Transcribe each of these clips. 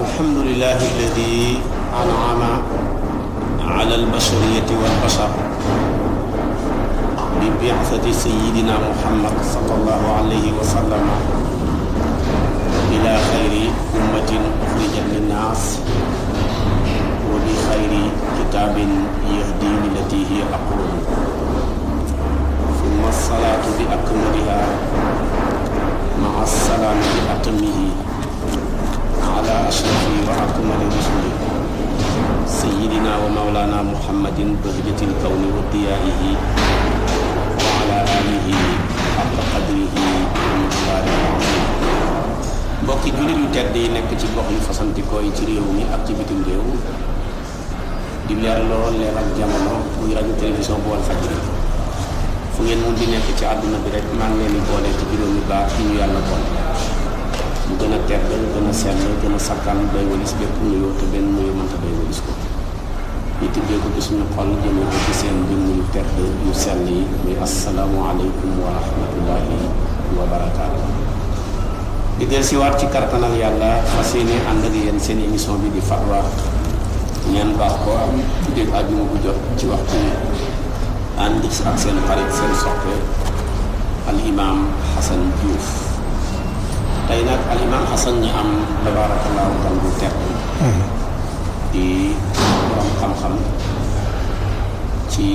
الحمد لله الذي أنعم على البشرية والبشر ببعثة سيدنا محمد صلى الله عليه وسلم إلى خير أمة أخرجت للناس وبخير كتاب يهدي للتي هي أقوم ثم الصلاة بأكملها مع السلام بأتمه على أشرف وأكمل رسل سيدنا ومولانا محمد بهجة الكون وضيائه وعلى آله حق قدره di leerloo leeral jamono muy rajo télévision bu wal fajri fu ngeen mun di nekk ci mu gën a tedd gën a sell gën a sakkan day walis bépp nuyoo te benn nuyoo mënta day walis ko ñu tibbee ko ci suñu xol jëmee ko ci seen tedd yu sell yi muy asalaamualeykum wa rahmatullahi wa barakaatu di del si waat ci kartanal yàlla fas yéene ànd ak yéen seen émission bi di farwa ngeen baax ko am tuddee àjjuma bu jot ci waxtu yi ànd ak seen xarit seen soppe al imam hasan diouf tey nag alimaam Xasan ñi am tabaarakallaahu gan bu tedd di borom xam-xam ci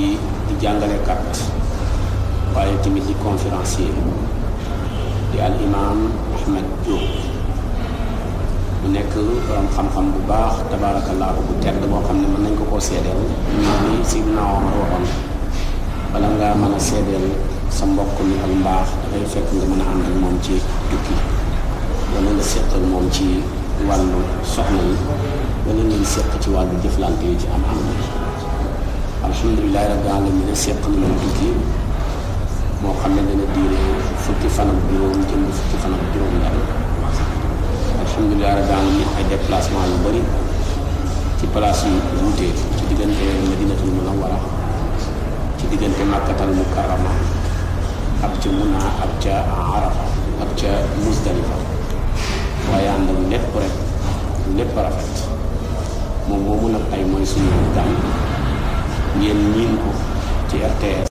di jàngalekat waaye tamit di conférencier di alimaam Ahmed Diop mu nekk borom xam-xam bu baax tabaarakallaahu bu tedd boo xam ne mën nañ ko koo seedeel ñoo ni si naawam waxoon bala ngaa mën a seedeel sa mbokk mi ak mbaax dafay fekk nga mën a ànd ak moom ci tukki dana nga seq moom ci wàllu soxna yi ci wàllu jëflante yi ci am am na alhamdulilahi rabbil alamin a seq na loolu tukki moo xam ne dana diire fukki fan ak juróom jëm fukki fan ak juróom ñaar alhamdulilahi rabbil alamin ay déplacement yu bëri ci place yu wuute ci diggante madinatul munawwara ci diggante makkatal mukarrama ak ca munaa ak ca arafa ak waaye ànd ak lépp rek lépp rafet moom moomu nag tey mooy suñu gan ngeen ñiin ko ci RTS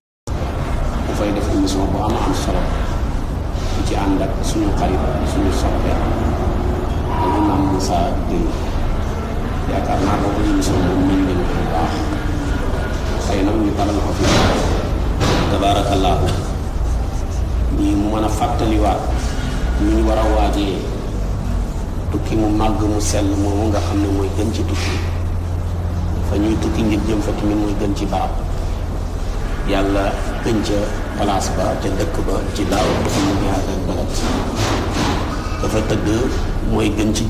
bu fay def émission bu am am solo ci ànd ak suñu xarit suñu soppe dañu naan Moussa Dine yaakaar naa boobu émission moom miin ko bu baax ñu dalal ko fi mën a fàttaliwaat ñu ñu war a waajee tukki mu màgg mu sell moomu nga xam ne gën ci tukki fa ñuy tukki ngir jëm fa tamit mooy gën ci barab yàlla gën ca place ba ca ba ci daaw dafa gën ci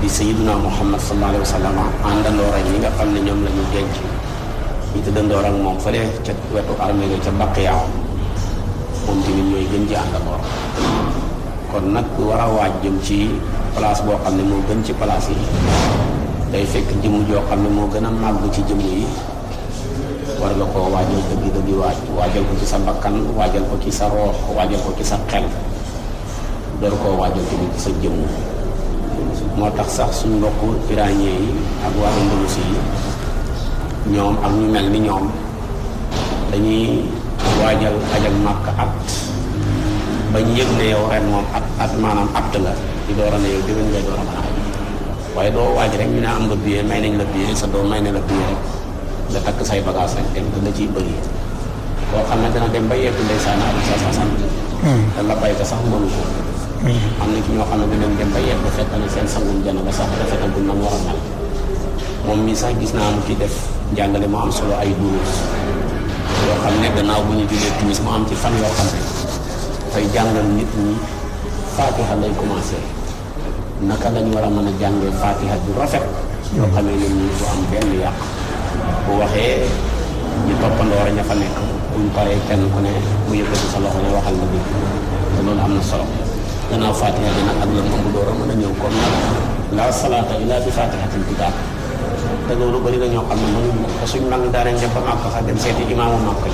di sayyiduna muhammad sallallahu alayhi wa sallam àndandoo rek nga xam ne ñoom la ñu denc ñu tëddandoo ak moom fële ca wetu armée ga ca gën ci kon nak ku war a waaj jëm ci place boo xam ne moo gën ci place yi day fekk jëmm joo xam ne moo gën a màgg ci jëmm yi war nga koo waajal dëgg dëgg waaj waajal ko ci sa bakkan waajal ko ci sa roox waajal ko ci sa xel Ini koo ayam tamit ci sa sax mbokk iranien yi ak yi ñoom ak ñu ñoom dañuy ajak at ba ñu yëg ne yow ren moom ab ab maanaam apt la di door ne yow déwén waaye doo waaj rek ñu ne am nga billet may nañ la billet sa doom may ne la billet rek nga takk say bagage rek dem te la ciy bëri koo xam ne dana dem ba yegg ndeysaan ak sa sa hmm. la bay ko sax hmm. ñoo xam ne dinañ dem ba yegg fekk na seen sangum jana ba sax rafetal bu nam war a mel moom mii sax gis naa mu ci def njàngale mu am solo ay duur yoo xam ne gannaaw bu ñu jullee timis mu am ci fan yoo xam dafay jàngal nit ñi faatiha lay commencé naka lañ war a mën a jàngee faatiha bu rafet yoo xam ne nii du am benn yàq bu waxee ñu toppandoor a ña fa nekk buñ paree kenn ku ne mu yëkkati sa loxo ne waxal na bi te loolu am na solo gannaaw faatiha bi nag ak mën a ñëw comme nag laa salaata illaa bi te loolu bari na ñoo xam ne mënuñu ko suñ mag daara njëkk a màkk sax dem seeti imaamu màkk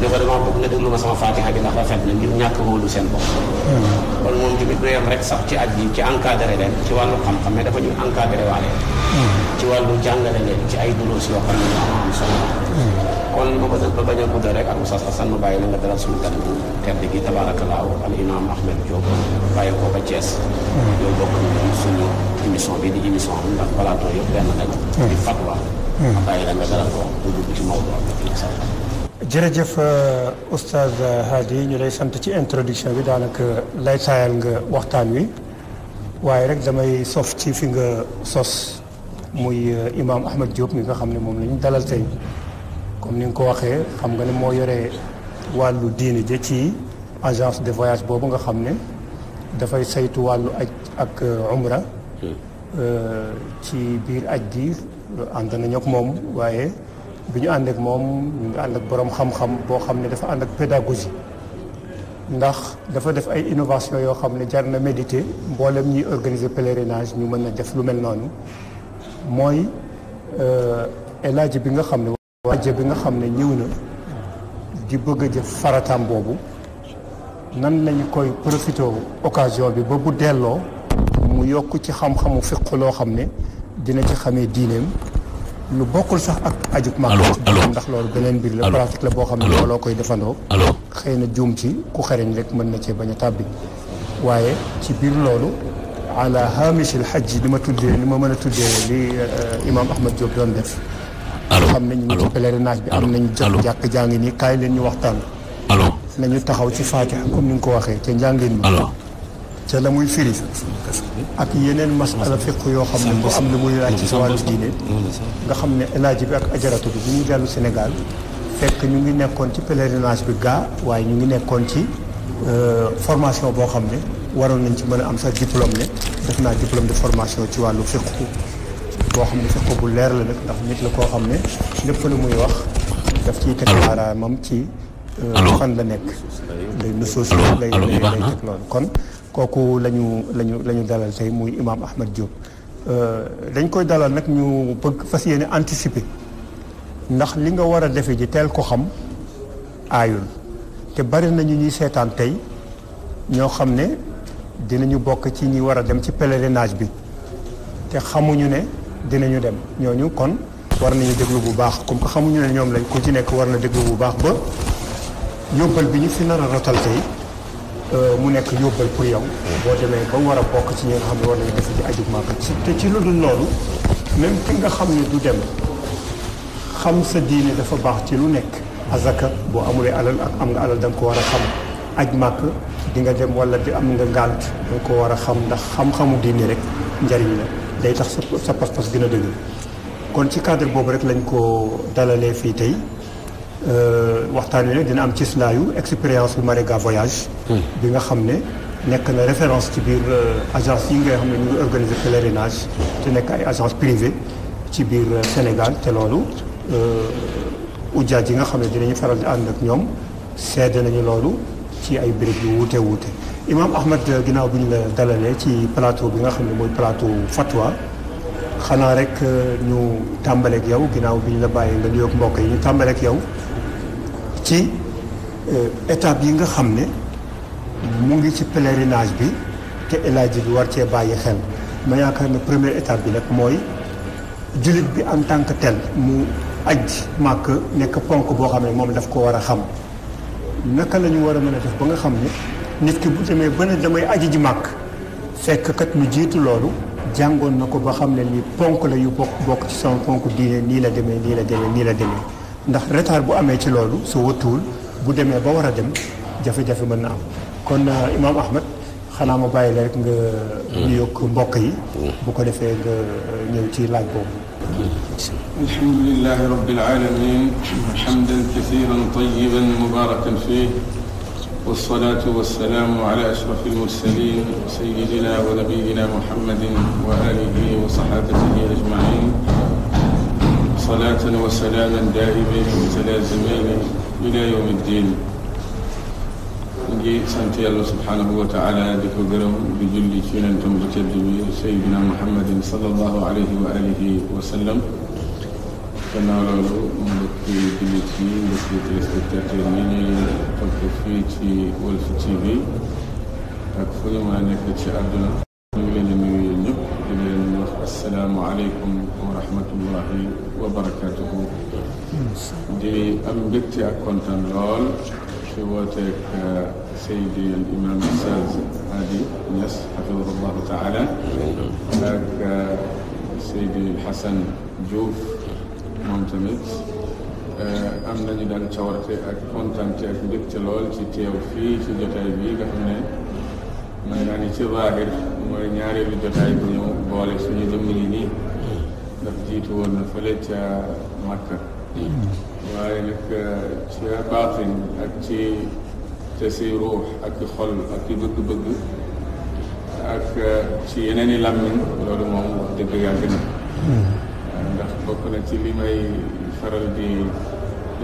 ne ko dama bëgg nga déglu sama faatixa bi ndax rafet na ngir ñàkk wóolu seen bopp hmm. kon moom tamit du rek sax ci aj bi ci encadré leen ci wàllu xam-xam ne dafa ñu encadré waale hmm. ci wàllu jàngale leen ci ay duruus yoo xam ne ñoo am solo hmm. kon ma ba bañ a gudd rek ak sa Assane ma bàyyi la nga dalal suñu gan bu tedd gi tabaarakallaahu al imam Ahmed Diop bàyyi ko ba Thiès bokk ñu suñu émission bi di émission am ndax plateau yëpp benn lañ jërëjëf oustaz Hady ñu lay sant ci introduction bi daanaka lay saayal nga waxtaan wi waaye rek damay sof ci fi nga sos muy imaam Ahmed Diop mi nga xam ne moom la ñu dalal tey comme ni nga ko waxee xam nga ne moo yore wàllu diine ja ci agence de voyage boobu nga xam ne dafay saytu wàllu aj ak umra ci biir aj gi ànd nañu ak moom waaye bi ñu ànd ak moom ñu ngi ànd ak borom xam-xam boo xam ne dafa ànd ak pédagogie ndax dafa def ay innovation yoo xam ne jar na méditer mboolem ñuy organiser pèlerinage ñu mën a def lu mel noonu mooy elaaji bi nga xam ne waaje bi nga xam ne ñëw na di bëgg a jëf farataam boobu nan lañu koy profité occasion bi ba bu delloo mu yokk ci xam-xamu fiq loo xam ne dina ci xamee diineem lu bokkul sax ak aju mag ndax loolu beneen mbir la pratique la boo xam ne looloo koy defandoo xëy na juum ci ku xereñ rek mën na cee bañ a tàbbi waaye ci biir loolu ala haamishil hajj li ma tuddee li ma mën a tuddee li euh, imam ahmad Diop doon def xam ne ñu ngi ci naaj bi am nañu jàkk jàkk jàngi nii kaay leen ñu waxtaan na ñu taxaw ci faatiha comme ni nga ko waxee ca njàngin ma ca la muy firi ak yeneen masala fiq yoo xam ne boo xam ne muy laaj ci sa wàllu diine nga xam ne elaaji bi ak ajaratu bi bu ñu dellu Sénégal fekk ñu ngi nekkoon ci pèlerinage bi gaa waaye ñu ngi nekkoon ci formation boo xam ne waroon nañ ci mën a am sax diplôme ne def naa diplôme de formation ci wàllu fiq boo xam ne fiq bu leer la nag ndax nit la koo xam ne lépp lu muy wax daf ciy teg baaraamam ci fan la nekk lay nusuus lay lay teg loolu kon kooku la ñu la ñu la ñu dalal tey muy imaam Ahmed Diop euh, dañ koy dalal nag ñu bëgg fas yéene anticiper ndax li nga war a defe ji teel ko xam aayul te bari nañu ñuy seetaan tey ñoo xam ne dinañu bokk ci ñi war a dem ci pèlerinage bi te xamuñu ne dinañu dem ñoo ñu kon war nañu déglu bu baax comme que xamuñu ne ñoom lañ ku ci nekk war na déglu bu baax ba yóbbal bi ñu fi nar rotal tey Euh, mu nekk yóbbal pour yow. boo demee ba war a bokk ci ñi nga xam ne war nañu def ci aju Màkka ci te ci lu dul loolu même ki nga xam ne du dem xam sa diine dafa baax ci lu nekk. azaka boo amulee alal ak am nga alal da ko war a xam aj Màkka di nga dem wala di am nga ngànt da nga war a xam ndax xam-xamu diine rek njariñ la day tax sa sa pas-pas gën a kon ci cadre boobu rek lañ ko dalalee fii tey. waxtaan wi nag dina am ci slaayu expérience bu Mariga voyage. bi nga xam ne nekk na référence ci biir agence yi nga xam ne ñu ngi organiser pèlerinage. te nekk ay agence privée ci biir Sénégal te loolu ujjaaj yi nga xam ne dinañu faral di ànd ak ñoom seede nañu loolu ci ay béréb yu wuute wuute. Imam Ahmed ginnaaw bi ñu la dalalee ci plateau bi nga xam ne mooy plateau Fatwa. xanaa rek ñu tàmbaleeg yow ginnaaw bi ñu la bàyyee nga nuyoog mbokk yi ñu tàmbaleeg yow. ci euh, étape yi nga xam ne mu ngi ci pelerinage bi te élage bi war cee bàyyi xel ma yaakaar ne première étape bi nag mooy jullit bi en tant que tel mu aj màkk nekk ponk boo xam ne moom daf ko war a xam naka la ñu war a mën a def ba nga xam ne nit ki bu demee ba ne damay aji ji màkk fekk kat mu jiitu loolu jàngoon na ko ba xam ne lii ponk la yu bokk bokk ci sama ponk diine nii la demee nii la demee nii la demee ndax retard bu amee ci loolu su wëttuwul bu demee ba war a dem jafe-jafe mën na am kon imam ahmad xanaa ma bàyyi la rek nga nuyoog mbokk yi bu ko defee nga ñëw ci laaj boobu الحمد لله رب العالمين حمدا كثيرا طيبا مباركا فيه والصلاة والسلام على أشرف المرسلين سيدنا ونبينا محمد وآله وصحابته أجمعين صلاة وسلاما دائمين متلازمين إلى يوم الدين نجي سنتي الله سبحانه وتعالى ذكر ذكرهم بجل شننتم بتدبي سيدنا محمد صلى الله عليه وآله وسلم كما رأوا مبكي بلتي مبكي تلسبتاتي مني تكفيتي والفتيبي بي ما نكتش أبدنا السلام عليكم ورحمة الله وبركاته دي أم بيتي أكونتان لول في وقتك آه، سيدي الإمام الساز هادي نس حفظه الله تعالى لك آه، سيدي الحسن جوف مونتميت آه، أم نجي دان تورتي أكونتان تي أم بيتي لول تي تي وفي تي جتاي بي بحنا من يعني تي ظاهر ومعنى ياري لجتاي بنيو بولي سنجي دمليني daf jiitu woon na fële ca Makka waaye nag ca baatin ak ci te si ruux ak xol ak ci bëgg-bëgg ak ci yeneen i làmmiñ loolu moom wax dëgg yàgg na ndax bokk na ci li may faral di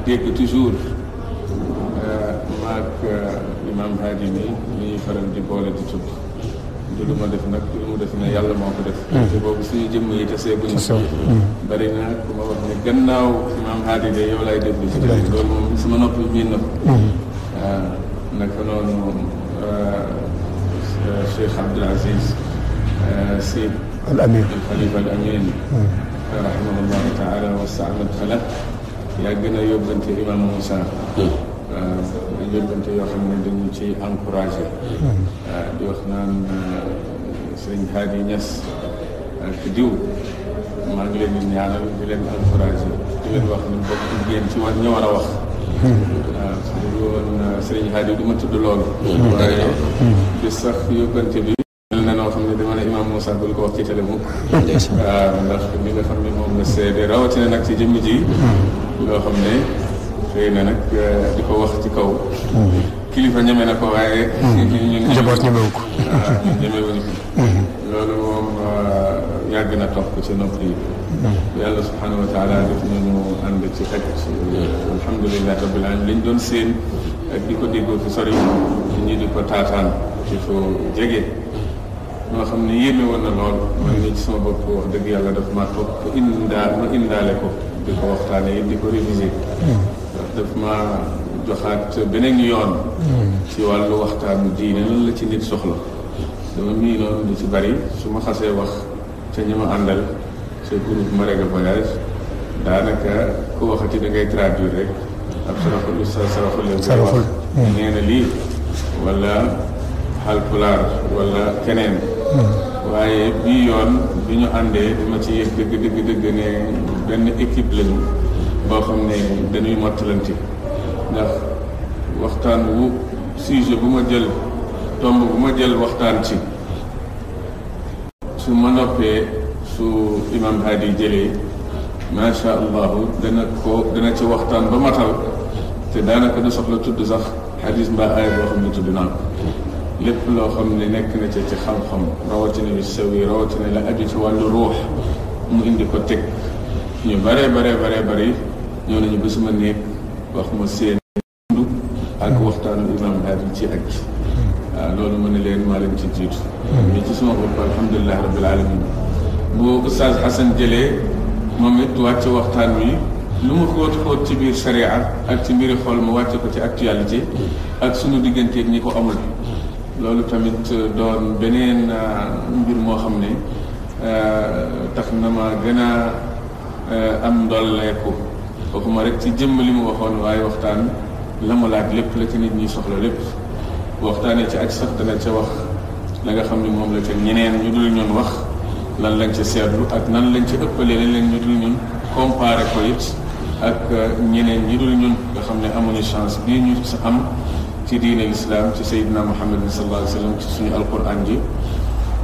dégg toujours maak imam haadi mi ñuy faral di boole di tudd du lu ma def nag du lu ma def ne yàlla moo ko def te boobu suñu jëmm yi te seeguñ bari na ku ma wax ne gannaaw si maam haadi de yow lay déglu ci jàng loolu moom sama nopp miin na ko naka noonu moom Cheikh Abdul Aziz Sy al amir al xalifa al amin rahimahullahu taala wa saana al xalaq yaa gën a yóbbante imam Moussa ay yóbbante yoo xam ne dañu ci encouragé hmm. di wax naan eh, sëriñ Hadi Niass ak eh, diw maa ngi leen di ñaanal di leen encouragé di leen wax ni bokk ngeen ci war ñu war a wax woon hmm. eh, sëriñ Hadi du ma tudd loolu hmm. waaye di sax yóbbante bi Moussa bul ko wax ci télé mukk waaw ndax mi nga xam ne moom nga seede rawatina nag ci jëmm ji loo xam ne nag euh, di ko wax ci kaw. kilifa ñeme na ko waaye. Hmm. njaboot ñemewu ko. waaw ah, ñun ko. Hmm. loolu moom euh, na topp ci nopp yi. Hmm. yàlla subhanahu wa taala def nañu ànd ci liñ doon séen ak di ko déggoo fi sori ñi di ko taataan ci fu jege. ñoo xam ne yéeme woon na lool man ni ci sama bopp wax dëgg yàlla topp indaale ko di ko waxtaane yi di ko réviser daf ma joxaat beneen yoon ci wàllu waxtaanu diine lan la ci nit soxla dama miinoon lu ci bari su ma xasee wax ca ñi ma àndal ca groupe Marega Voyage daanaka ku waxati dangay ngay rek ab saraxul sa saraxul leen koy wax nee na lii wala xalpulaar wala keneen hmm. waaye bii yoon bi ñu àndee dama ci yëg dëgg dëgg dëgg ne benn équipe lañu boo xam ne dañuy mottalante ndax waxtaan wu sujet bu ma jël tomb bu ma jël waxtaan ci su ma noppee su imam haadi jëlee macha allahu dana ko dana ci waxtaan ba matal te daanaka du soxla tudd sax xadis mbaa aaya boo xam ne tudd naa ko lépp loo xam ne nekk na ca ci xam-xam rawatina bi sawi rawatina la aju ci wàllu ruux mu indi ko teg bare bare bare bari ñëw nañu ba suma néeg wax ma seen dund ak waxtaanu imam Haadi ci ak waaw loolu ma ne leen maa leen ci jiitu mais ci suma bopp alhamdulilah rabbil alamin bu Oustaz Assane jëlee moom it wàcce waxtaan wi lu mu xóot xóot ci biir sharia ak ci mbiri xol mu wàcce ko ci actualité ak sunu digganteeg ñi ko amul loolu tamit doon beneen mbir moo xam ne tax na ma gën a am ndolleeku waxuma rek ci jëmm li mu waxoon waaye waxtaan la mu laaj lépp la ci nit ñi soxla lépp waxtaanee ci ak sax dana ca wax la nga xam ni moom la ca ñeneen ñu dul ñun wax lan lañ ca seetlu ak nan lañ ca ëppalee lañ leen ñu dul ñun comparé ko it ak uh, ñeneen ñi dul ñun nga xam ne amuñu chance bii ñu sa am ci diine lislaam ci sayyidina muhammad bi sallallahu alayhi wa sallam ci suñu alquran ji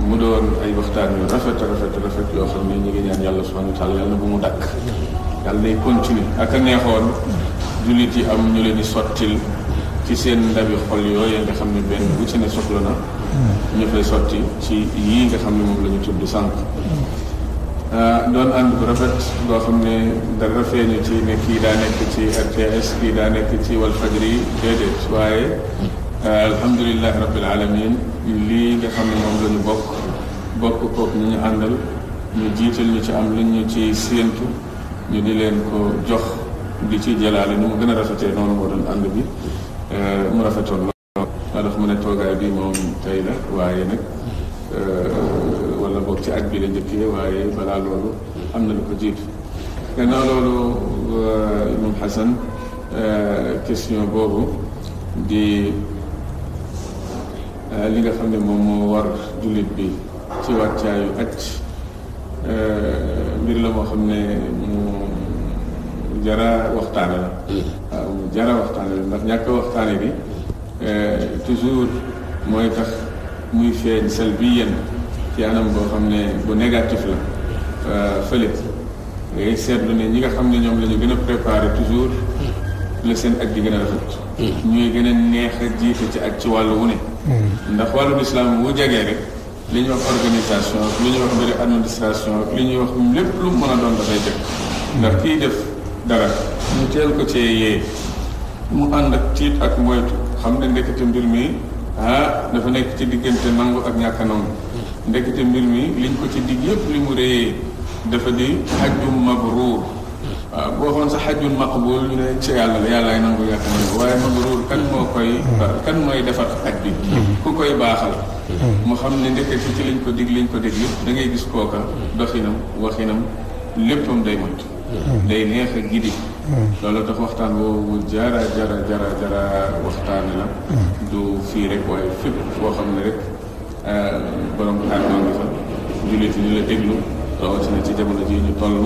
mu doon ay waxtaan yu rafet rafet rafet yoo xam ne ñu ngi ñaan yàlla subhanahu wa yàlla bu mu dakk dal day continuer ak a neexoon jullit yi am ñu leen di sottil ci seen ndabi xol yooyu nga xam ne benn bu ci ne soxla na ñu fay sotti ci yii nga xam ne moom la ñu tudd sànq ah, doon ànd bu rafet boo xam ne dara feeñu ci ne kii daa nekk ci RTS kii daa nekk ci Walfadjri déedéet waaye ah, alhamdulilahi rabbil alamin lii nga xam ne moom la ñu bokk bokk kook ñu ñu àndal ñu jiital ñu ci am lu ñu ci séentu ñu di leen ko jox di ci jëlaale nu mu gën a rafetee noonu moo doon ànd bi mu rafetoon lool ndax mu ne toogaay bi moom tey la waaye nag wala boog ci at bi la njëkkee waaye balaa loolu am na lu ko jiitu gannaaw loolu imam xasan question boobu di li nga xam ne moom moo war jullit bi ci wàccaayu aj mbir la moo xam ne jara waxtaane la mm-hmm. waaw mu jara waxtaane la ndax ñàkk waxtaane bi eh, toujours mooy tax muy feeñ sel bi yenn ci anam boo xam ne bu négatif la euh, fële ngay seetlu ne ñi nga xam ne ñoom la ñu gën a préparé toujours mm-hmm. la seen ak di gën a rafet mm-hmm. ñuy gën a neex a jiite ci ak ci wàll wu ne ndax wàllu lislaam bu jegee rek li ñuy wax organisation li ñuy wax mbiri administration li ñuy wax lépp lu mën a doon dafay jëkk ndax kii def dara ñu teel ko cee yee mu ànd ak tiit ak moytu xam ne ndekete mbir mi ah dafa nekk ci diggante nangu ak ñàkk a nangu ndekete mbir mi liñ ko ci digg yëpp li mu réyee dafa di xajjum mabruur waaw ah, boo xoon sa xajjul maqbul ñu ne ci yàlla la yàllaay nangu yàq nangu waaye mabruur kan moo koy kan mooy defar aj bi ku koy baaxal mu xam ne ndekete ci liñ ko dig liñ ko dig yëpp da ngay gis kooka doxinam waxinam léppam day moytu day neex a gindi loolu tax waxtaan woowu jara jara jara jara waxtaane la du fii rek waaye fépp foo xam ne rek euh, borom xaar maa ngi fa jullit yi la déglu rawatina ci jamono ji ñu toll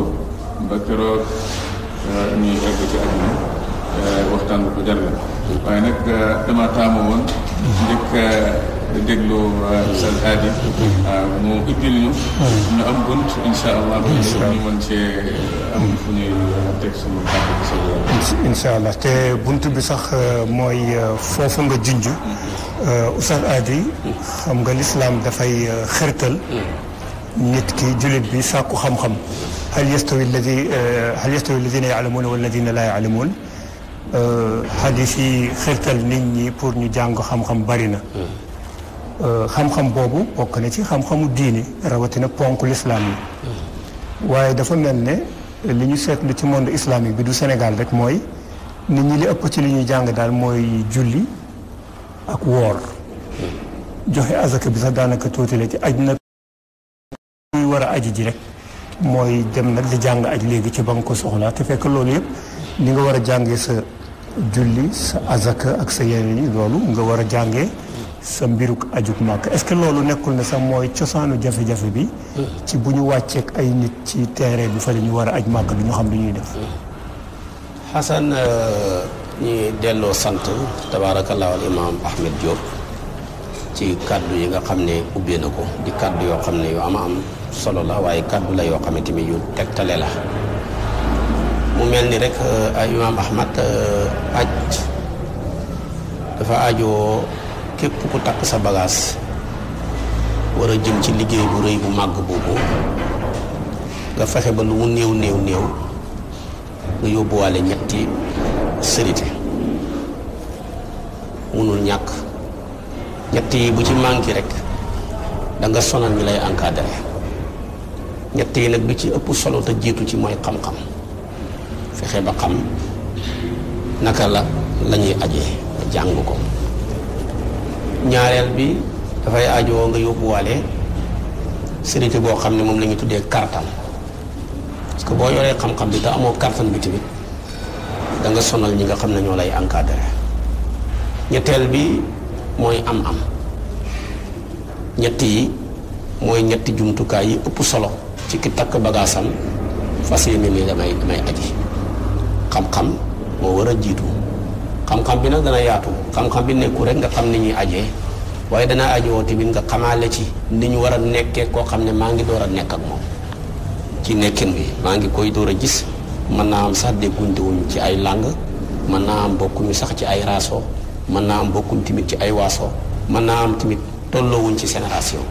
ba keroog euh, ñuy egg ci àdduna euh, waxtaan bu ko jar la waaye nag dama taamu woon njëkk di déglu seen aadi mu ubbil ñu ñu am bunt insha allah bu ñu mën cee am fu ñuy teg suñu tànk bi sa insha allah te bunt bi sax mooy foofu nga junj oustaz aadi xam nga lislaam dafay xërtal nit ki julit bi sàkku xam-xam هل يستوي الذي هل يستوي الذين يعلمون والذين لا يعلمون حديثي خرتل نيني بور ني جانغ خام خام بارينا xam-xam boobu bokk na ci xam-xamu diini rawatina ponk lislaam yi waaye dafa mel ne li ñu seetlu ci monde islamique bi du senegal rek mooy nit ñi li ëpp ci li ñuy jàng daal mooy julli ak woor joxe azaka bi sax daanaka tuuti la ci aj nag muy war a aji ji rek mooy dem nag di jàng aj léegi ci ba nga ko soxlaa te fekk loolu yëpp li nga war a jàngee sa julli sa azaka ak sa yeneen yi loolu nga war a jàngee sa mbiruk ajug màkk est-ce que loolu nekkul ne sax mooy cosaanu jafe-jafe bi. ci bu ñu wàcceek ay nit ci terrain bi fa la ñu war a aj màkk bi ñu xam lu ñuy def. Xasan euh, ñi delloo sant tabaarakallaahu al imaam Ahmed Diop ci kàddu yi nga xam ne ubbee na ko di kàddu yoo xam ne yu ama am solo la waaye kàddu la yoo xam ne tamit yu tegtale la mu mel ni rek euh, ay imaam Ahmed euh, aj dafa ajoo. képp ku takk sa bagage war a jëm ci liggéey bu réy bu màgg boobu nga fexe ba lu mu néew néew néew nga yóbbuwale ñetti sérité mënul ñàkk ñett yi bu ci manqué rek da nga sonal ñi lay encadré ñett yi nag bi ci ëpp solo te jiitu ci mooy xam-xam fexe ba xam naka la lañuy ñuy aje jàng ko ñaareel bi dafay aajowoo nga yóbbuwaale sérité boo xam ne moom la ñu tuddee kartan parce que boo yoree xam-xam bi te amoo kartan bi tamit da nga sonal ñi nga xam ne ñoo lay encadré ñetteel bi mooy am-am ñett yi mooy ñetti jumtukaay yi ëpp solo ci ki takk bagaasam fas yéene kam damay damay aji xam-xam moo war a jiitu xam-xam bi nag dana yaatu xam-xam bi nekkul rek nga xam ni ñuy ajee waaye danaa dana ajoo tamit nga xamaale ci ni ñu war a nekkee koo xam ne maa ngi door a nekk ak moom ci nekkin bi maa ngi koy door a gis mën naa am sax déggunte wuñ ci ay làng mën naa am bokkuñu sax ci ay raso mën naa am bokkuñ tamit ci ay waaso mën naa am tamit tolloowuñ ci génération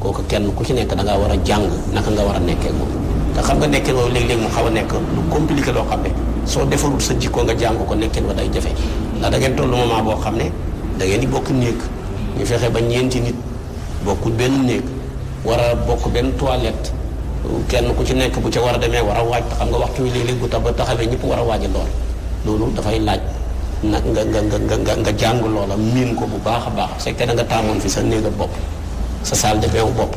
kooku kenn ku ci nekk dangaa war a jàng naka nga war a nekkee moom te xam nga nekkin woowu léeg-léeg mu xaw a nekk lu compliqué loo xam soo defarul sa jikkoo nga jàng ko nekkin wa day jafe ndax da ngeen toll moment boo xam ne da ngeen di bokk néeg ñu fexe ba ñeenti nit bokk benn néeg war a bokk benn toilette kenn ku ci nekk bu ca war a demee war a waaj xam nga waxtu wi léeg bu tax ba taxawee ñëpp war a waaja lool loolu dafay laaj nag nga nga nga nga nga jàng loola miin ko bu baax a baax c'est que nga taamoon fi sa néega bopp sa salle de bain bopp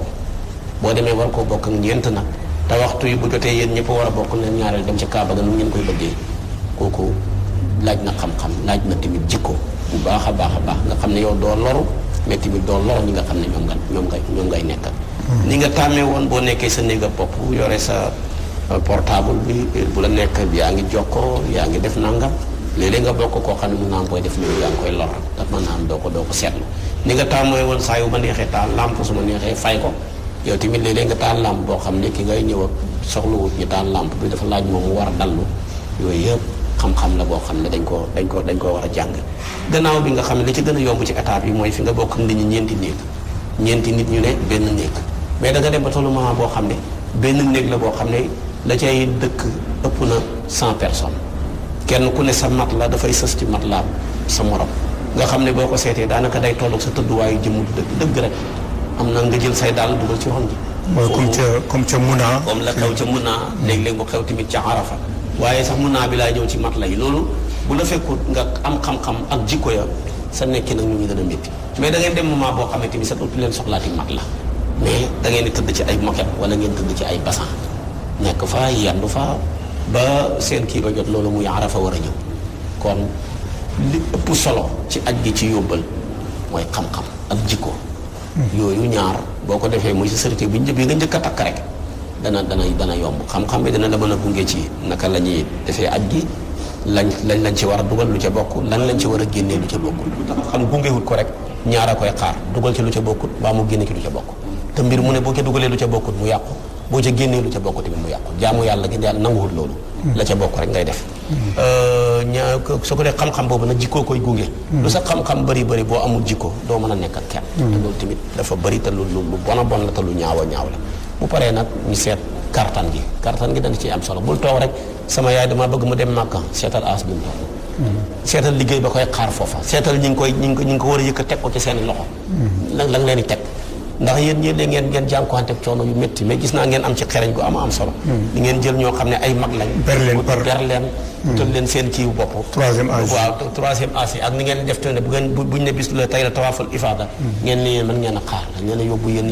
boo demee war koo bokk ak ñeent nag te waxtu yi bu jotee yéen ñëpp war a bokk leen ñaareel dem ci Kaaba ga nu ngeen koy bëggee kooku laaj na xam-xam laaj na tamit jikko bu baax a baax a baax nga xam ne yow doo loru mais tamit doo lor ñi nga xam ne ñoom nga ñoom ngay ñoom ngay nekk. Hmm. ni nga tàmmee woon boo nekkee sa néeg a bopp yore sa euh, portable bi euh, bu la nekk yaa ngi jokkoo yaa ngi def nangam léeg nga bokk koo xam ne mën naa am def loolu yaa ngi koy lor te doo ko doo ko seetlu ni nga tàmmee woon saa yu ma neexee taal lamp su ma neexee fay ko. yow tamit léeg-léeg nga taal làmp boo xam ne ki ngay ñëw ak soxlawut ñu taal làmp bi dafa laaj moom mu war a dallu yooyu yëpp xam-xam la boo xam ne dañ koo dañ ko dañ war a jàng gannaaw bi nga xam ne li ci gën a yomb ci état bi mooy fi nga bokk nit ñi ñeenti néeg ñeenti nit ñu ne benn néeg mais danga dem ba tollu moment boo xam ne benn néeg la boo xam ne la cay dëkk ëpp na cent personne kenn ku ne sa mat la dafay sës ci mat la sa morom nga xam ne boo ko seetee daanaka day tolloog sa tëdduwaayu jëmm dëgg dëgg rek am na nga jël say daal dugal ci ron bi. mooy comme ca comme ca Muna. comme la xew ca Muna. léeg-léeg xew tamit ca Arafa. waaye sax naa bi laa ñëw ci mat la yi loolu bu la fekkut nga am xam-xam ak jikko ya sa nekki nag ñu ngi dana métti mais da dem moment boo xamante ni sa tuuti leen soxlaati mat la mais da ngeen di tëdd ci ay moket wala ngeen tëdd ci ay basan nekk fa yendu fa ba seen kii ba jot loolu muy Arafa war a ñëw kon li ëpp solo ci aj gi ci yóbbal mooy xam-xam ak jikko. yooyu ñaar boo ko defee muy si sërité bi ñu jëbee nga njëkk a takk rek dana dana yomb xam-xam bi dana la mën a gunge ci naka la ñuy defee aj gi lañ lañ lañ ci war a dugal lu ca bokk lan lañ ci war a génnee lu ca bokkul ndax xam ko rek ñaar koy xaar dugal ci lu ca bokkut mbaa mu génne ci lu ca bokk te mbir mu ne boo ca dugalee lu ca bokkut mu yàqu boo ca génnee lu ca bokk mu yàqu jaamu yàlla gi daal nanguwut loolu la ca bokk rek ngay def euh, ña su ko def xam-xam boobu nag jikkoo koy gunge lu sa xam-xam bëri bëri boo amul jikko doo mën a nekk ak kenn mm. te loolu tamit dafa bëri te lu lu bon a bon la te lu ñaaw a ñaaw la bu paree nag ñu seet kartan gi kartan gi dana ci am solo bul toog rek sama yaay dama bëgg mu dem màkka seetal aas bi mu toog mm. seetal liggéey ba koy xaar foofa seetal ñi ngi koy ñi ngi ko war a yëkk teg ko ci seen loxo mm. lan lan leen di ndax yéen ñii da ngeen ngeen jànkuwanteeg coono yu métti mais gis naa ngeen am ci xereñ gu am am solo. Hmm. di ngeen jël ñoo xam ne ay mag lañ. berleen berleen. Hmm. tël leen seen kiiw bopp. troisième âge waaw troisième âge ak ni ngeen def ne bu ngeen buñ ne bis la tey la tawaaful ifaada. Hmm. ngeen ne yéen mën ngeen a xaar ngeen a yóbbu yéen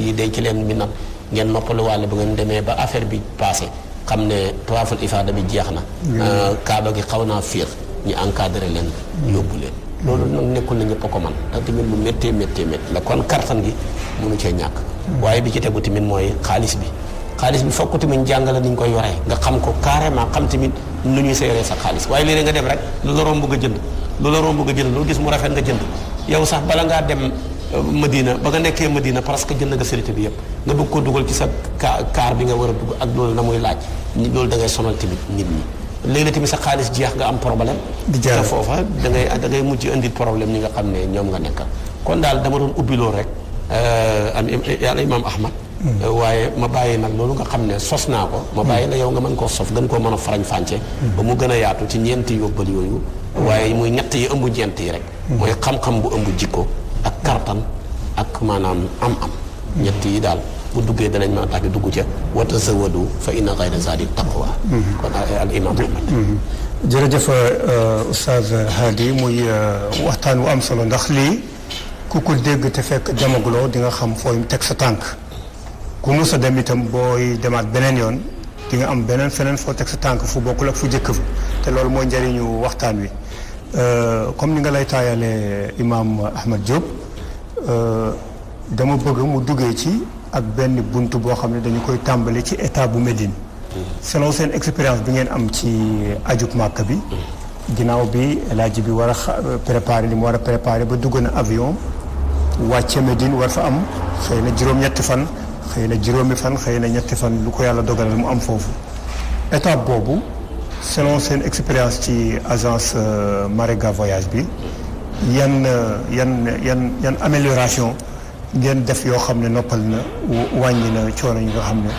ngeen demee ba affaire bi passé xam ne tawaaful ifaada bi jeex na. Euh, kaaba gi xaw naa fiir ñu encadré leen yóbbu leen. loolu nag nekkul na ñëpp a ko man te tamit lu méttee méttee métti la kon kartan gi mënu cee ñàkk waaye bi ci tegu tamit mooy xaalis bi xaalis bi fokk tamit jàngale ni ñu koy yoree nga xam ko carrément xam tamit nu ñuy sa yoree sa xaalis waaye léeg nga dem rek lu la romb nga jënd lu la romb nga jënd lu gis mu rafet nga jënd yow sax bala ngaa dem euh, Madina ba nga nekkee Madina parce que jënd nga sérité bi yëpp nga bëgg ko dugal ci sa kaar bi nga war a dugg ak loolu na muy laaj loolu da ngay sonal tamit nit ñi léegi tamit sa xaalis jeex nga am problème te foofa da ngay mujj indi problème ñi nga xam ne ñoom nga nekkal kon daal dama doon ubbi rek Euh, am yàlla imaam Ahmad. Hmm. waaye ma bàyyi nag loolu nga xam ne sos naa ko. ma bàyyi la yow nga mën koo sof gën koo mën a farañ fànce hmm. ba mu gën a yaatu ci ñeenti yóbbal yooyu. Hmm. waaye muy ñett yi ëmb ñeent yi rek. mooy xam-xam bu ëmb jikko ak kartan ak maanaam am-am. ñett yi daal bu duggee danañ mën a tax dugg ca wa tazawwadu fa inna xayra zaadi taqwa. kon euh, al imaam Ahmad. Euh, waxtaan wu am solo ndax lii. ku ko dégg te fekk demaguloo di nga xam fooy teg sa tànk ku mës a dem itam booy demaat beneen yoon di nga am beneen feneen foo teg sa tànk fu bokkul ak fu jëkk fa te loolu mooy njëriñu waxtaan wi euh, comme ni nga lay taayalee imaam Ahmad Diop euh, dama bëgg mu duggee ci ak benn bunt boo xam ne dañu koy tàmbali ci état bu Médine selon seen expérience bi ngeen am ci ajug màkk bi ginnaaw bi laaj bi war a préparé li mu war a préparé ba dugg na avion wàcce Medine war fa am xëy na juróom-ñetti fan xëy na juróomi fan xëy na ñetti fan lu ko yàlla dogalal mu am foofu étape boobu selon seen expérience ci agence Maréga voyage bi yan yan yan yan amélioration ngeen def yoo xam ne noppal na wàññi na coono yi nga xam ne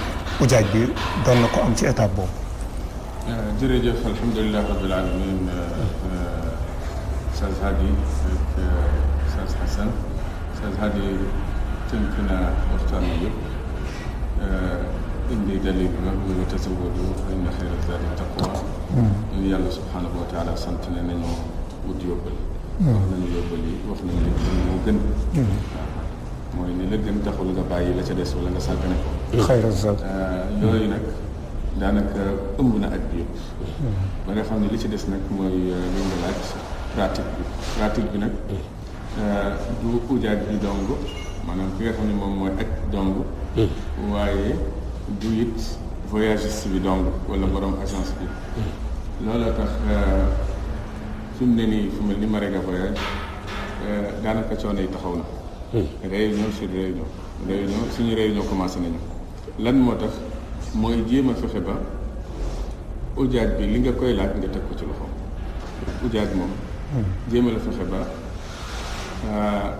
ujaaj bi doon na ko am ci étape boobu. jërëjëf alhamdulilah rabbil alamin Saz Hadi ak Saz Hassan. هل هذه تمكن أختان لك؟ إني دليل من تزودوا فإن خير الزاد التقوى إن يالله سبحانه وتعالى صنتنا منه وديوبل وخنا نيوبلي وخنا نيوبلي وقن موي ني لغن تاخول غا باي لا سي ديس ولا غا ساكن خير الزاد لوي آه، نك دانك امنا ادي ما نخا ني لي سي ديس نك موي آه، لي نلاج براتيك براتيك بي نك Euh, du ujaaj bi dong maanaam ki nga xam ne moom mooy aj dong hmm. waaye du it voyagiste bi dong wala borom agence bi hmm. looloo tax euh, fi ne nii fu mel ni Maréga voyage euh, daanaka coono yi taxaw na hmm. réunion sur réunion réunion suñu réunion commencé nañu lan moo tax mooy jéem a fexe ba ujaaj bi li nga koy laaj nga teg ko ci loxo ujaaj moom jéem a la fexe ba Euh,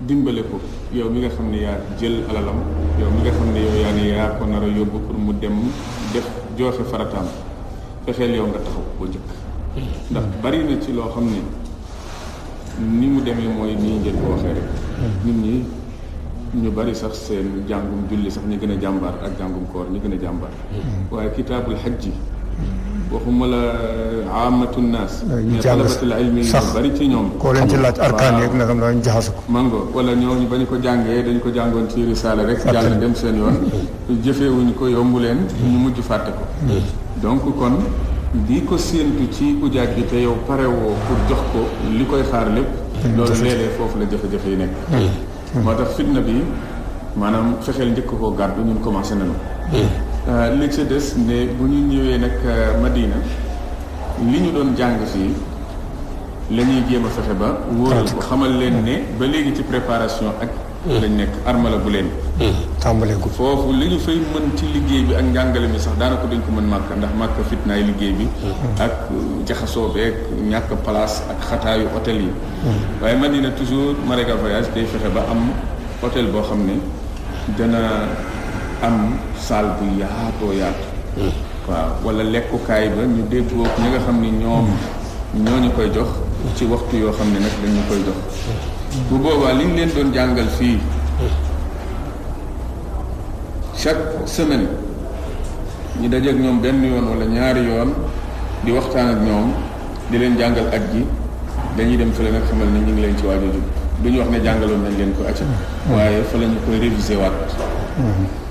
dimbale ko yow mi nga xam ne yaa jël alalam yow mi nga xam ne yow yaa ne yaa ko nar a yóbbu pour mu dem def joxe farataam fexeel yow nga taxaw ko njëkk hmm. ndax bari ci loo xam ne ni mu demee mooy nii njël waxee rek hmm. nit ñi ñu bari sax seen jàngum julli sax ñu gën a jàmbaar ak jàngum koor ñu gën a jàmbaar hmm. waaye kitaabul xaj ji waxuma la euh, amatu naas. ñu jàng sax bari ci ñoom. koo leen ci laaj arkaan yeeg nagam dañu jaxasu ko. mango wala ñu ba ñu ko jàngee dañ ko jàngoon ci risaale rek. jàll dem seen yoon. jëfeewuñu ko yombu leen. ñu mujj fàtte ko. Mm. donc kon di ko séentu ci ujaaj bi te yow parewoo pour jox ko li koy xaar lépp. Mm. loolu léeg foofu la jafe-jafe yi nekk. Mm. moo tax fitna bi maanaam fexeel njëkk koo gàddu ñun commencé nañu. Euh, li ca des ne bu ñu ñëwee nag euh, Madina li ñu doon jàng si lañuy ñuy jéem a fexe ba wóoral ko xamal leen ne ba léegi ci préparation ak lañ nekk armala bu leen hmm. tàmbaleeku foofu li ñu fay mën ci liggéey bi ak njàngale mi sax daanaka dañ ko mën màkk ndax màkk fitnaay liggéey bi hmm. ak jaxasoo beeg ñàkk place ak xataayu hôtel yi hmm. waaye Madina toujours Marega Voyage day fexe ba am hôtel boo xam ne dana am saal bu yaatoo yaatu waaw wala lekkukaay ba ñu déggoo ñi nga xam ni ñoom ñoo ñu koy jox ci waxtu yoo xam ne nag dañu koy jox bu boobaa li ñu leen doon jàngal fii chaque semaine ñu dajeek ñoom benn yoon wala ñaari yoon di waxtaan ak ñoom di leen jàngal at ji dañuy dem fële nag xamal ni ñu ngi leen ci waaj jub du ñu wax ne jàngaloon nañ leen ko acca mm-hmm. waaye fa la ñu koy révisé waat mm-hmm.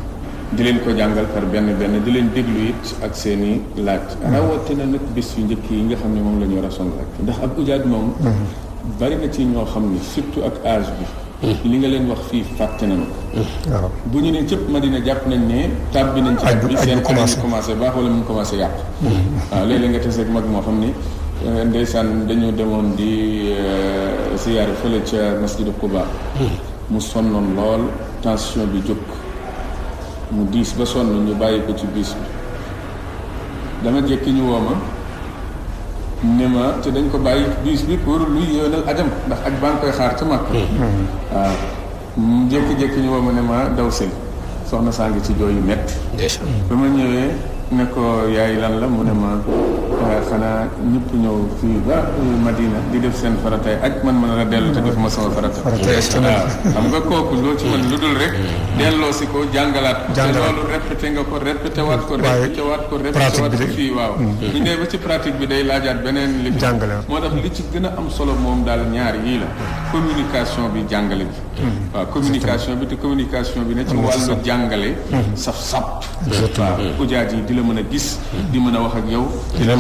di leen ko jàngal par benn benn di leen déglu it ak seen i laaj mm-hmm. rawatina nag bis yu njëkk yi nga xam ne moom la ñu war a sonal rek ndax ab ujaat moom mm-hmm. bari na ci ñoo xam ne surtout ak âge bi mm-hmm. li nga leen wax fii fàtte nañu ko waaw bu ñu ne cëpp Madina jàpp nañ ne tàbbi nañ ci bi seen commencé commencé baax wala mu commencé yàq waaw léeg-léeg nga te ak mag moo xam ne euh, ndeysaan dañu demoon di siyaare euh, fële ca masjidu Quba mu sonnoon lool tension bi jóg mu diis ba sonn ñu bàyyi ko ci biis bi dama jékki ñu woo ma ne ma te dañ ko bàyyi biis bi pour luy yoonal ajam ndax aj baa ngi koy xaar ca mag hmm. hmm. waaw mu jékki-jékki ñu woo ma ne ma daw sëñ soxna saa ngi ci jooyu mett ba ma ñëwee ne ko yaay lan la mu ne ma waaye xanaa ñëpp ñëw fii ba Madina di def seen faratay ak man ma a la dellu te def ma sama farata waaw xam nga kooku loo ci mën lu dul rek delloo si ko jàngalaat ko te loolu répété nga ko répété waat ko répété waat ko répété waat ko fii waaw mm. ñu nee ba ci pratique bi day laajaat beneen li moo tax li ci gën a am solo moom daal ñaar yii la mm. communication bi jàngale bi mm. waaw communication bi te communication bi ne ci wàllu jàngale saf sap waaw ujaaj yi di la mën a gis di mën a wax ak yow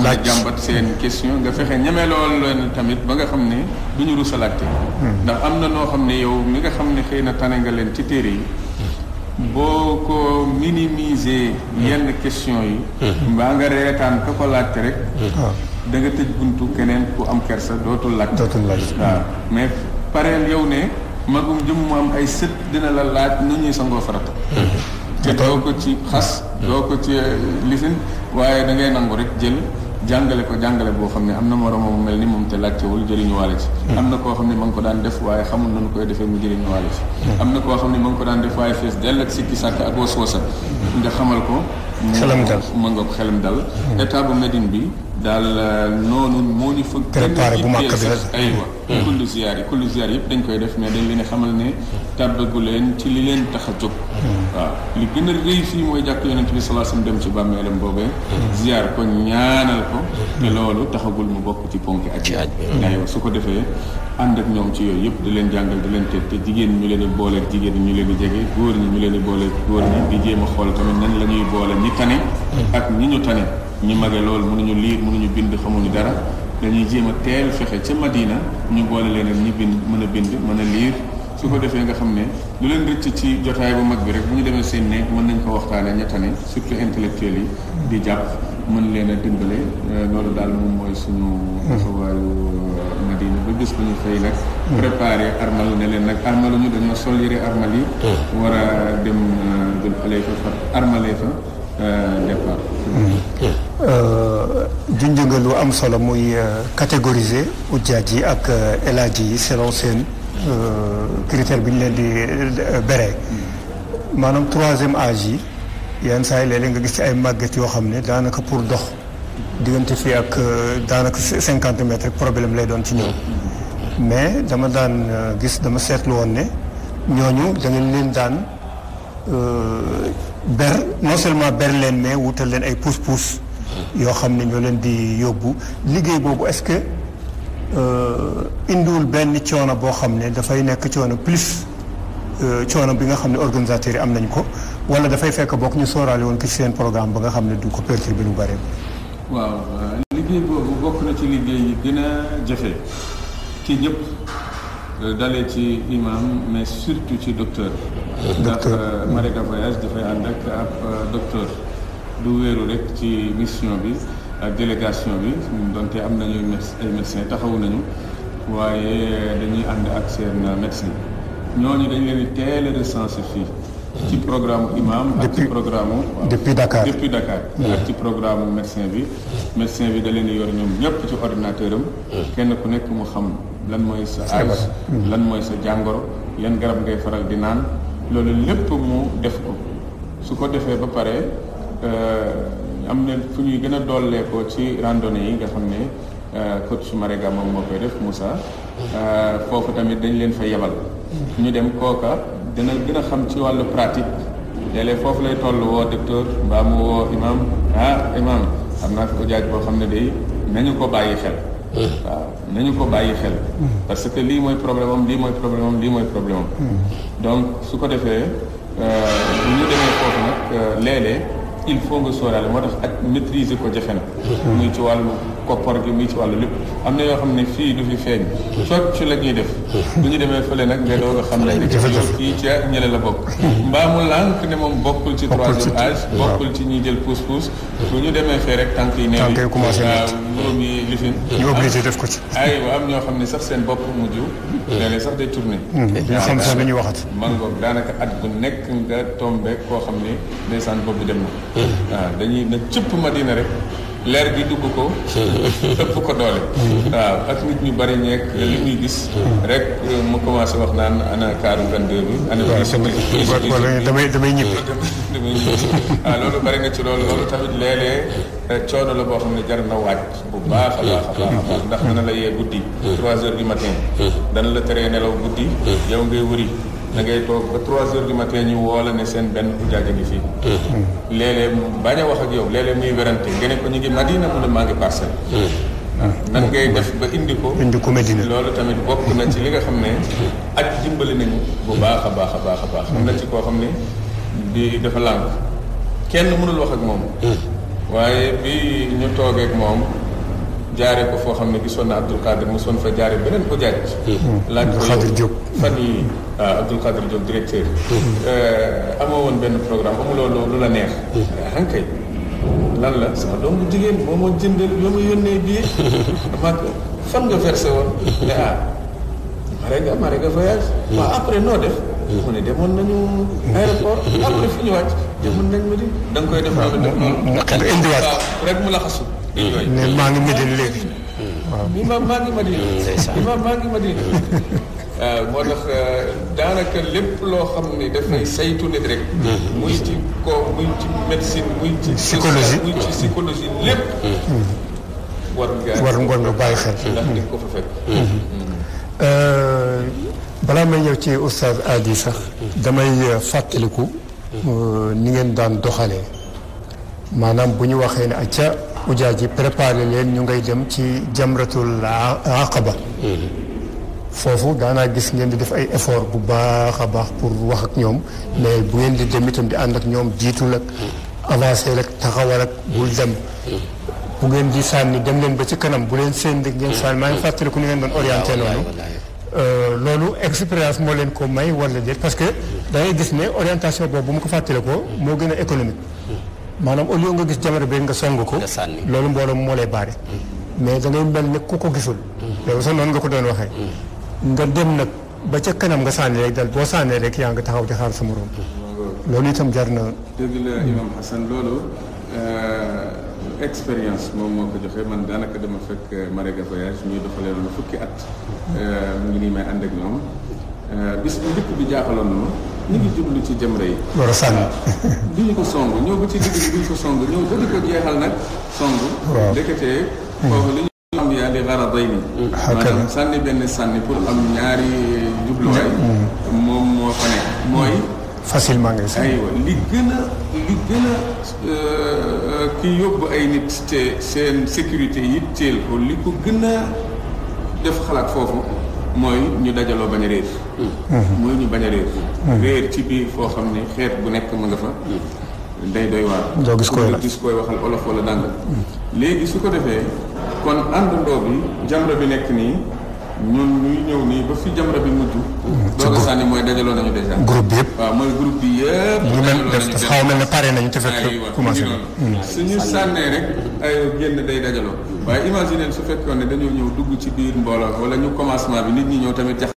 laaj jàmbat seen question nga fexe ñeme lool leen tamit ba nga xam ne du ñu rusalaate hmm. ndax am na noo xam ne yow mi nga xam ne xëy na tane leen ci téere yi hmm. boo ko minimiser hmm. yenn question yi mbaa nga reetaan ka ah. tëj buntu keneen ku am kersa dootul laajte dootul laajte waaw ah. mais yow ne magum jëm am ay sët dina la laaj nu ñuy sangoo farata te doo ko ci xas doo eh, ko ci lifin waaye da ngay nangu rek jël jàngale ko jàngale boo xam ne am na moroomam mel ni moom te laajtewul jëriñuwaale ci hmm. am na koo xam ne ma ngi ko daan def waaye xamul nañu koy defee mu jëriñuwaale ci hmm. am na koo xam ne ma ngi ko daan def waaye fees dell ak sikki sàkk ak wasoosa hmm. nga xamal ko xelam dal ma nga xelam dal état bu Médine bi daal noonu moo ñu fa préparé bu màkk bi aywa kullu ziyaar yi kullu ziyaar yëpp dañ koy def mais dañ leen xamal ne tàbbagu leen ci li leen tax a jóg waaw li gën a rëy fii mooy jàkk yonent bi salaa sam dem ci bàmmeelam boobee ziyaar ko ñaanal ko te loolu taxagul mu bokk ci ponk ak yaaj aywa su ko defee ànd ak ñoom ci yooyu yëpp di leen jàngal di leen teg te jigéen ñu leen di booleeg jigéen ñu leen di jege góor ñi ñu leen di booleeg góor ñi di jéem a xool tamit nan la ñuy boole ñi tane ak ñi ñu tane ñu mage loolu mënuñu liir mënuñu bind xamuñu dara dañuy jéem a teel fexe ca Madina ñu boole leen ak bind mën a bind mën a liir su ko defee nga xam ne lu leen rëcc ci jotaay bu mag bi rek bu ñu demee seen néeg mën nañ ko waxtaanee ñettane surtout intellectuel yi di jàpp mën leen a dimbale euh, loolu daal moom mooy suñu taxawaayu euh, Madina ba bis bu ñu fay nag préparé armal ne leen nag armaluñu dañoo sol yëre armal yi hmm. war a dem euh, dul xale fa armale junj euh, nga lu am solo muy euh, catégoriser ujaaj yi ak euh, elaaji yi selon seen critère bi ñu leen di béré maanaam troisième âge yi yenn saa yi léeg-léeg nga gis ci ay màgget yoo xam ne daanaka pour dox diggante fii ak daanaka cinquante mètres problème lay doon ci ñëw mais dama daan gis dama seetlu woon ne ñooñu da leen daan ber non seulement ber leen mais wutal leen ay pousse-pousse yoo xam ne ñoo leen di yóbbu liggéey boobu est-ce que euh, indiwul benn coono boo xam ne dafay nekk coono plus euh, coono bi nga xam ne organisateurs yi am nañ ko wala dafay fekk bokk ñu sóoraale woon ki ci seen programme ba nga xam ne du ko bi lu bare waaw liggéey boobu bokk na ci liggéey yi gën a jafe ci ñëpp euh, dalee ci imam mais surtout ci docteur. docteur ndax du wéeru ci mission bi ak délégation bi donte am nañu ay médecins taxawu nañu waaye dañuy ànd ak seen médecin ñooñu dañ leen di teel a recensé fii. ci programme imam ak programme depuis Dakar depuis Dakar ak ci programme médecin bi médecin bi da leen yor ñoom ñëpp ci ordinateur am kenn ku nekk mu xam lan mooy sa âge mm-hmm. lan mooy sa jàngoro yan garab ngay faral di naan loolu lépp mu def ko su ko defee ba pare Euh, am na fu ñuy gën a dollee ko ci randonnée yi nga xam ne euh, coach Marega moom moo koy def Moussa euh, foofu tamit dañ leen fa yebal ñu dem kooka dina gën a xam ci wàllu pratique léeg foofu lay toll woo docteur mbaa mu woo imam ah imam am naa fi ko jaaj boo xam ne day nañu ko bàyyi xel waaw nañu ko bàyyi xel parce que lii mooy problème am lii mooy problème am mooy problème am donc su ko defee bu demee foofu nag léeg il faut nga sóoraale moo tax ak maîtriser ko jafe na. Mm-hmm. muy ci wàllu koppar gi muy ci wàllu lépp am na yoo xam ne fii du fi feeñ cocc ci def hmm. bu ñu demee fële nag nga doog a xam ne kii ci ñu la bokk hmm. mbaa mu lànk ne moom bokkul ci troisième âge bokkul ci ñuy jël pousse pousse bu ñu demee fee rek tànk yi neew yi commencé juróom yi lifin hmm. ñu def ko ci ah, ay ñoo xam ne sax seen bopp mujj léeg-léeg sax day tourné ñoo xam sax dañuy waxat mangoog daanaka at bu nekk nga tombé koo xam ne ndeysaan boobu dem na waaw ah, dañuy na cëpp Madina rek leer bi dugg ko ëpp ko doole mm-hmm. waaw ak nit ñu bari ñeek mm-hmm. li muy gis mm-hmm. rek euh, mu commencé wax naan ana kaaru 22 bi ana damay damay ñibbi damay ñibbi waaw ah, loolu bari nga ci loolu loolu tamit léeg-léeg euh, coono la boo xam ne jar na waaj bu baax a baax a baax a ndax dana la yee guddi trois heures du matin dana la teree nelaw guddi yow ngay wëri da ngay toog ba trois heures du matin ñu woo la ne seen benn ujaaja ngi fii. léeg-léeg bañ a wax ak yow léeg-léeg muy werante nga ne ko ñu ngi Madina mu ne maa ngi Parcelles. Hmm. nan ngay def ba indi ko. indi ko Medina loolu tamit bokk na ci li nga xam ne. ak dimbali nañu. bu baax a baax a baax a baax. am na ci koo xam ne bi dafa lànk kenn mënul wax ak moom. Hmm. waaye bi ñu toogee moom jaaree ko foo xam ne gisoon na Abdoul Kader mosoon fa jaaree beneen mm-hmm. ko jaaj. laaj ko yow fan yii euh, Abdoul Kader Diop directeur. Mm-hmm. Euh, amoo woon benn programme amuloo lu la neex. Mm-hmm. ah kay lan la sama doom doomu jigéen moom moo jëndal ba mu yónnee bii. ma fan nga versé woon. ne ah Marega Marega voyage. waaw après noo def. mu ne demoon nañu aéroport. après fu ñu wàcc. demoon nañ ma di. da koy def. Ah, waaw indiwaat rek mu laxasu ne mm. maa ngi Médine léegi. waaw mm. mm. imaam maa ngi Médine. imaam maa ngi Médine. Euh, moo tax euh, daanaka lépp loo xam ni dafay saytu nit rek. muy ci ko muy ci médecine muy ci. psychologie muy ci psychologie lépp. war ngaa war nga bàyyi xel. ndax nit ko fa fekk. Euh, balaa may ñëw ci oustaz Adi sax. damay fàttaliku. ni ngeen daan doxalee. maanaam bu ñu waxee ne acca. ujaa ji préparé leen ñu ngay dem ci jamratul aqaba foofu daanaa gis ngeen di def ay effort bu baax a baax pour wax ak ñoom mais bu ngeen di dem itam di ànd ak ñoom jiitul ak avancé rek taxawal ak bul dem bu ngeen di sànni dem leen ba ci kanam bu leen seen rek ngeen sànni maa ngi fàttaliku ni ngeen doon orienté noonu euh, loolu expérience moo leen ko may wala déet parce que da ngay gis ne orientation boobu bu mu ko fàttale ko moo gën a économique maanaam au lieu nga gis jamono bi nga song ko. loolu mbooloo moo lay baare. Mm. mais da ngay mel ko ko gisul. Mm. yow sax noonu nga ko doon waxee. Mm. nga dem nag ba ca kanam nga sànni rek dal boo sànnee rek yaa nga taxaw di xaar sa morom. loolu itam jar na. dëgg la Imam Hassan loolu euh, expérience moom moo ko joxe man daanaka dama fekk euh, Marega voyage ñuy doxalee lu fukki at. Euh, mu ngi nii may ànd ak ñoom. Euh, bis bu njëkk bi jaaxaloon na ñu ngi jublu ci jëmre yi. war a sànni. du ñu ko song ñëw ba ci digg bi ñu ko song ñëw ba di ko jeexal nag song. waaw hmm. foofu li ñu am yaa hmm. sànni benn sànni pour am ñaari jubluwaay. Hmm. moom moo fa mooy. facilement ngay sànni li gën li gën euh, ki yóbbu ay nit te seen sécurité yitteel ko li ko gën a def xalaat foofu. mooy ñu dajaloo bañ a réer. Hmm. mooy ñu bañ a réer. Hmm. réer ci biir foo xam ne xeet bu nekk ma nga fa. Hmm. day doy waar. doo gis koy gis koy waxal olof wala dàng léegi su ko defee kon àndandoo bi jamra bi nekk nii. ñun ñuy ñëw nii ba fi jamra bi mujj. doog a sànni mooy dajaloo nañu déjà. groupe bi yëpp waaw mooy groupe bi yëpp. mu mel def dafa xaw mel ne pare nañu te fekk commencé na mm. suñu sànnee rek ay génn day dajaloo. waaye imaginer su fekkoon ne dañoo ñëw dugg ci biir mbooloo wala ñu commencement bi nit ñi ñëw tamit jax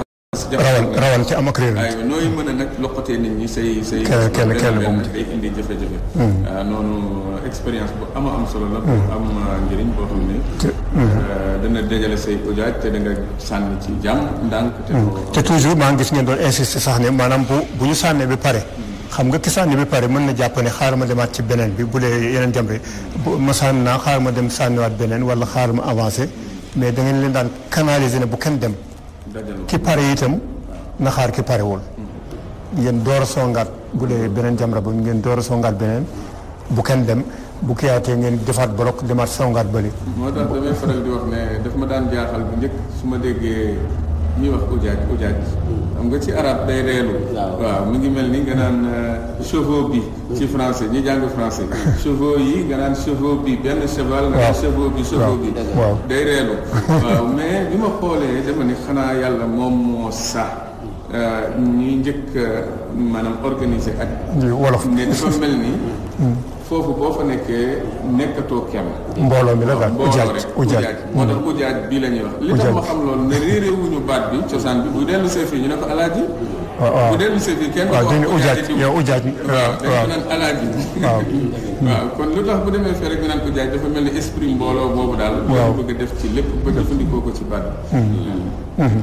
rawal rawal ci am ak réer. aywa nooy mën a nag loqatee nit ñi say say. kenn kenn kenn moom day indi jafe-jafe. Hmm. Ah, noonu expérience bu ama am solo la. bu hmm. am ah, njëriñ boo xam ne. Hmm. Ah, dana dajale say ojaaj te da nga sànni ci jàmm ndànk. te toujours maa ngi gis ngeen doon insister sax ne maanaam bu bu ñu sànnee ba pare. xam nga ki sànni bi pare mën na jàpp ne xaaral ma demaat ci beneen bi bu dee yeneen jamre bu ma sànni naa xaaral ma dem sànniwaat beneen wala xaaral ma avancé mais da ngeen leen daan canaliser ne bu kenn dem. ki pare itam na xaar ki parewul ngeen door a songaat bu dee beneen jamra bu ngeen door a songaat beneen bu kenn dem bu kiyaatee ngeen defaat borok demaat songaat bële. moo ma daan jaaxal bu njëkk su ma déggee. ñuy wax ujaaj ujaaj xam nga ci arab day reelu waaw mu ngi mel ni nga naan euh, chevaux bi ci français ñu jàng français chevaux yi nga naan chevaux bi benn cheval nga chevaux bi chevaux bi day reelu waaw mais bi ma xoolee dama ni xanaa yàlla moom moo sax euh, ñuy njëkk euh, maanaam organiser ak wolof ne dafa mel ni hmm. foofu boo fa nekkee nekkatoo kenn. mbooloo mi la daal ujaaj ujaaj moo tax ujaaj bii la ñuy wax. li tax ma xam loolu ne réeré wuñu baat bi cosaan bi bu dellu see ñu ne ko alaaji. waaw waaw bu dellu see kon lu tax bu demee fee rek naan ujaaj dafa mel ni esprit mbooloo boobu daal. waaw bëgg def ci lépp ba jëfandikoo ko ci baat bi. Hmm. Hmm. Hmm.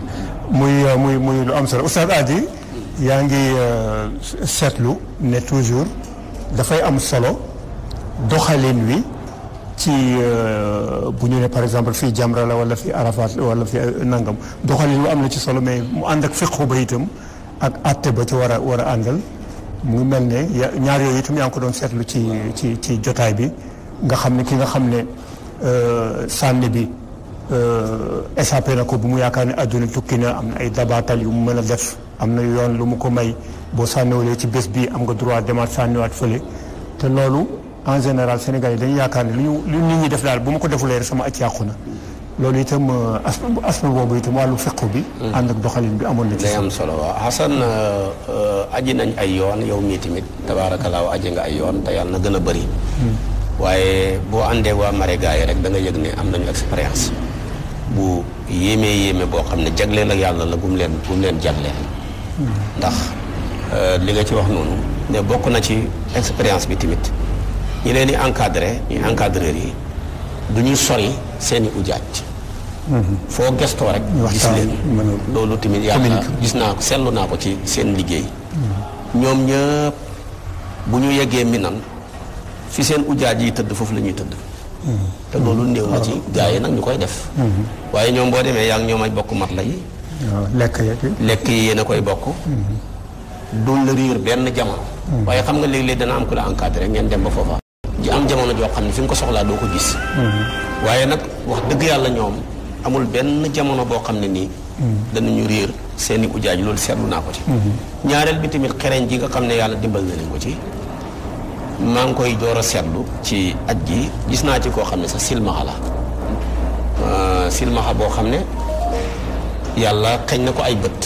muy euh, muy muy lu am solo Oustaz Hady yaa ngi euh, seetlu ne toujours dafay am solo. doxalin wi ci euh, bu ñu ne par exemple fii Jamra walla wala fii Arafat wala euh, Nangam doxalin wi am na ci solo mais mu ànd ak fiqhu ba itam ak àtte ba ci war a war a àndal mu mel ne ñaar yooyu itam yaa ngi ko doon seetlu ci ci ci jotaay bi nga xam ne ki nga xam ne euh, sànni bi échappé na ko bu mu yaakaar ne àdduna tukki na am na ay dabaatal yu mu mën a def am na yoon lu mu ko may boo sànniwalee ci bés bi am nga droit demaat sànniwaat fële te loolu. en général Sénégal yi dañu yaakaar ne lu ñu lu nit ñi def daal bu ma ko defulee rek sama acc yàqu na loolu itam as euh, aspect boobu itam wàllu fiqh bi. Hmm. ànd ak doxalin bi amoon na ci. am solo waaw Xasan euh, euh, aji nañ ay yoon yow mii tamit tabaarakallaa aji nga ay yoon te na gën a bëri. Hmm. boo àndee waa Maréga yi rek da nga yëg ne am nañu expérience. bu yéemee yéeme boo xam ne jagleel ak yàlla la bu leen bu leen jagleel. Hmm. ndax li nga ci wax noonu. ne bokk na ci expérience bi tamit. ñi leen di encadré ñi encadreur yi du ñuy sori seen i ujaaj mhm. foo gestoo rek gis leen loolu tamit yàlla gis naa ko seetlu naa ko ci seen liggéey mhm. ñoom ñëpp bu ñu yeggee minan fi seen ujaaj yi tëdd foofu la ñuy mhm. te loolu néew na ci gaa yi nag def waaye ñoom boo demee yaa ngi ñoom ay bokk mat la yi lekk lekk yi yéen a koy bokk duñ la riir benn jamono waaye xam nga léeg-léeg dana am ku la encadré ngeen dem ba foofa ji am jamono joo xam ne fi nga ko soxlaa doo ko gis. waaye nag wax dëgg yàlla ñoom amul benn jamono boo xam ne nii. danañu réer seeni i ujaaj loolu seetlu naa ko ci. ñaareel bi tamit xereñ ji nga xam ne yàlla dimbal na leen ko ci. maa ngi koy door a seetlu ci aj gi gis naa ci koo xam ne sa silmaxa la euh, silmaxa boo xam ne yàlla xañ na ko ay bët.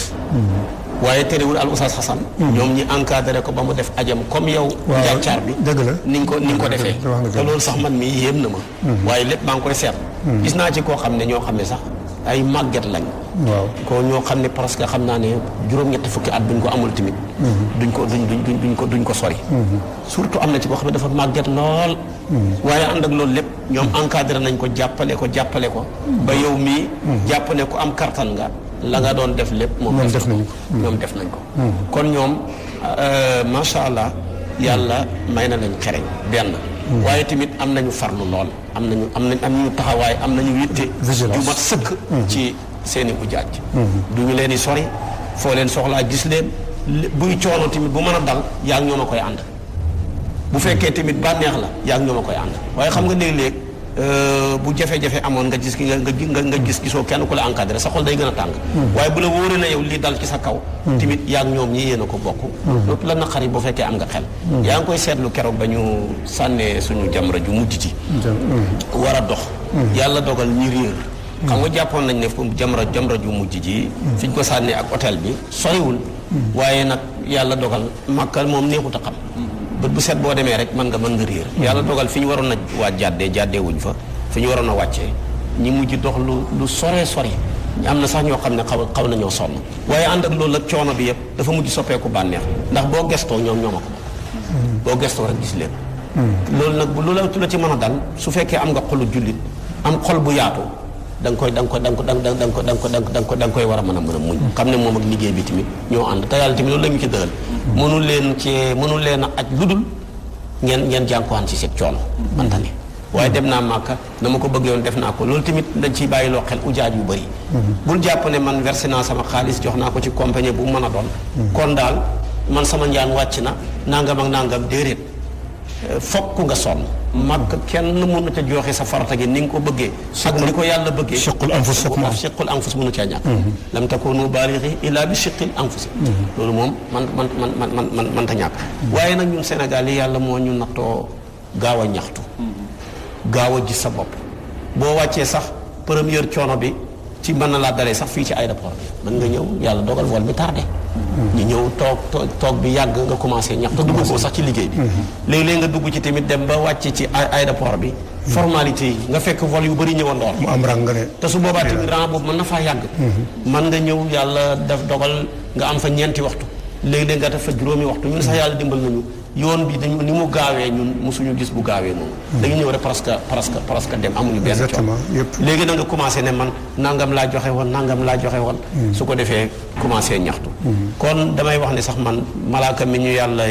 waaye terewul al oustaz Xasan hmm. ñoom ñi encadré ko ba mu def ajam comme yow njàccaar bi dëgg la ni nga ko ni nga ko defee te loolu sax man mi yéem na ma hmm. waaye lépp maa ngi koy seet hmm. gis naa ci koo xam ne ñoo xam ne sax ay màgget lañ waaw ko ñoo xam ne parce que xam naa ne juróom-ñetti fukki at buñ ko amul tamit duñ ko duñ duñ duñ ko duñ ko sori surtout am na ci koo xam ne dafa màgget lool waaye ànd ak loolu lépp ñoom encadré nañ ko jàppale ko jàppale ko ba yow mii jàpp ne ko am kartan nga la nga doon def lépp moom def nañ ko ñoom def nañ ko hmm. kon ñoom euh, macha allah yàlla may na lañ xereñ benn hmm. waaye tamit am nañu farlu lool am nañu am nañ am nañu taxawaay am nañu yitte ju sëkk hmm. ci seeni ujaaj du ñu leen di sori foo leen soxlaa gis leen buy coono tamit bu mën a dal yaa ngi ñoom a koy ànd bu fekkee tamit bànneex la yaa ngi ñoom a koy ànd waaye xam nga léeg-léeg Euh, bu jafe-jafe amoon nga gis nga nga nga gis gisoo kenn ku la encadré sa xol day gën a tàng. Hmm. waaye bu la wóoree na yow li dal ci sa kaw. Hmm. tamit yaa ngi ñoom ñi yéen a ko bokk. lépp hmm. la naqari bu fekkee am nga xel. yaa ngi koy seetlu keroog ba ñu sànnee suñu jamra ju mujj ci. war a dox. yàlla dogal ñi réer. xam nga jàppoon nañ ne jamra jamra ju mujj ji. fi ko sànnee ak hôtel bi soriwul. waaye nag yàlla dogal màkkal moom neexut a xam. bët bu set boo demee rek mën nga mën nga réer yàlla dogal fi ñu waroon a waa jàdde jàddee wuñ fa fi ñu waroon a wàccee ñi mujj dox lu lu sore sore am na sax ñoo xam ne xaw xaw nañoo sonn waaye ànd ak loolu ak coono bi yëpp dafa mujj soppeeku bànneex ndax boo gestoo ñoom ñoo ko boo gestoo rek gis leen hmm. loolu nag bu lu la ci mën a dal su fekkee am nga xolu jullit am xol bu yaatu da koy da nga koy da nga ko da nga ko da nga ko da nga ko da nga koy war a mën a mën a muñ xam ne moom ak liggéey bi tamit ñoo ànd te yàlla tamit loolu la ñu ci dëral mënu leen ci mënul leen a aj lu dul ngeen ngeen jànkuwaan ci seen coono manta ne waaye dem naa màkka na ma ko bëgg yoon def naa ko loolu tamit dañ ciy bàyyi loo xel ujaaj yu bëri bul jàpp ne man versé naa sama xaalis jox naa ko ci compagnie bu mën a doon kon daal man sama njaan wàcc na nangam ak nangam déedéet fokk nga sonn màkk kenn mënu ca joxe sa farata gi ni nga ko bëggee ak ni ko yàlla bëggee siqul anfus siqul anfus mënu caa ñàkk mhm. lam takunu baalixi illaa bi siqil anfus mhm. loolu moom man man man man man man mënta ñàkk mhm. waaye nag ñun Sénégal yi yàlla moo ñu nattoo gaaw a ñaxtu gaaw a gis sa bopp boo wàccee sax première coono bi ci mën na laa dalee sax fii ci aéroport mën nga ñëw yàlla dogal vol bi tardé. ñu ñëw toog toog bi yàgg nga commencé ñax te dugg ko sax ci liggéey bi. léeg-léeg nga dugg ci tamit dem ba wàcc ci aéroport bi. formalité yi nga fekk vol yu bëri ñëwoon ndox mu am rang nga ne. te su boobaa tamit rang boobu mën na faa yàgg. man nga ñëw yàlla def dogal nga am fa ñeenti waxtu. léeg-léeg nga def fa juróomi waxtu ñun sax yàlla dimbal nañu. yoon bi dañu ni mu gaawee ñun suñu gis bu gaawee noonu. Hmm. dañu ñëw rek presque presque presque dem amuñu benn coono. exactement yëpp léegi nanga nga commencé ne man nangam laa joxe woon nangam laa joxe woon. Hmm. su ko defee commencé ñaxtu. Hmm. kon damay wax ne sax man malaaka mi ñu yàlla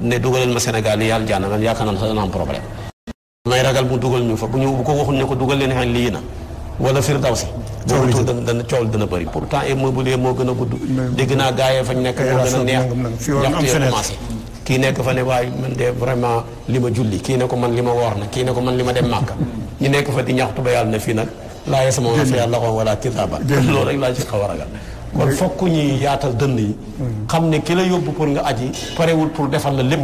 ne dugalal ma Sénégal yi yàlla jaana man yaakaar naa sax dana am problème. may ragal mu dugal ñu fa bu ñu bu ko waxuñ ne ko dugal leen xel lii na wala Firdawsi. si li dana dana coow dana bëri pourtant immobilier moo gën a gudd. dégg naa gaayee fañ nekk moo gën a neex. kii nekk fa ne waaye man de vraiment li ma julli kii ne ko man li ma woor na kii ne ko man li ma dem màkka ñu nekk fa di ñaxtu ba yàlla na fii nag laa yasmauna fiihaa laghwan wala kitaaba loolu rek laa ci xaw a ragal kon fokk ñuy yaatal dënd yi xam ne ki la yóbbu pour nga aji parewul pour defal na lépp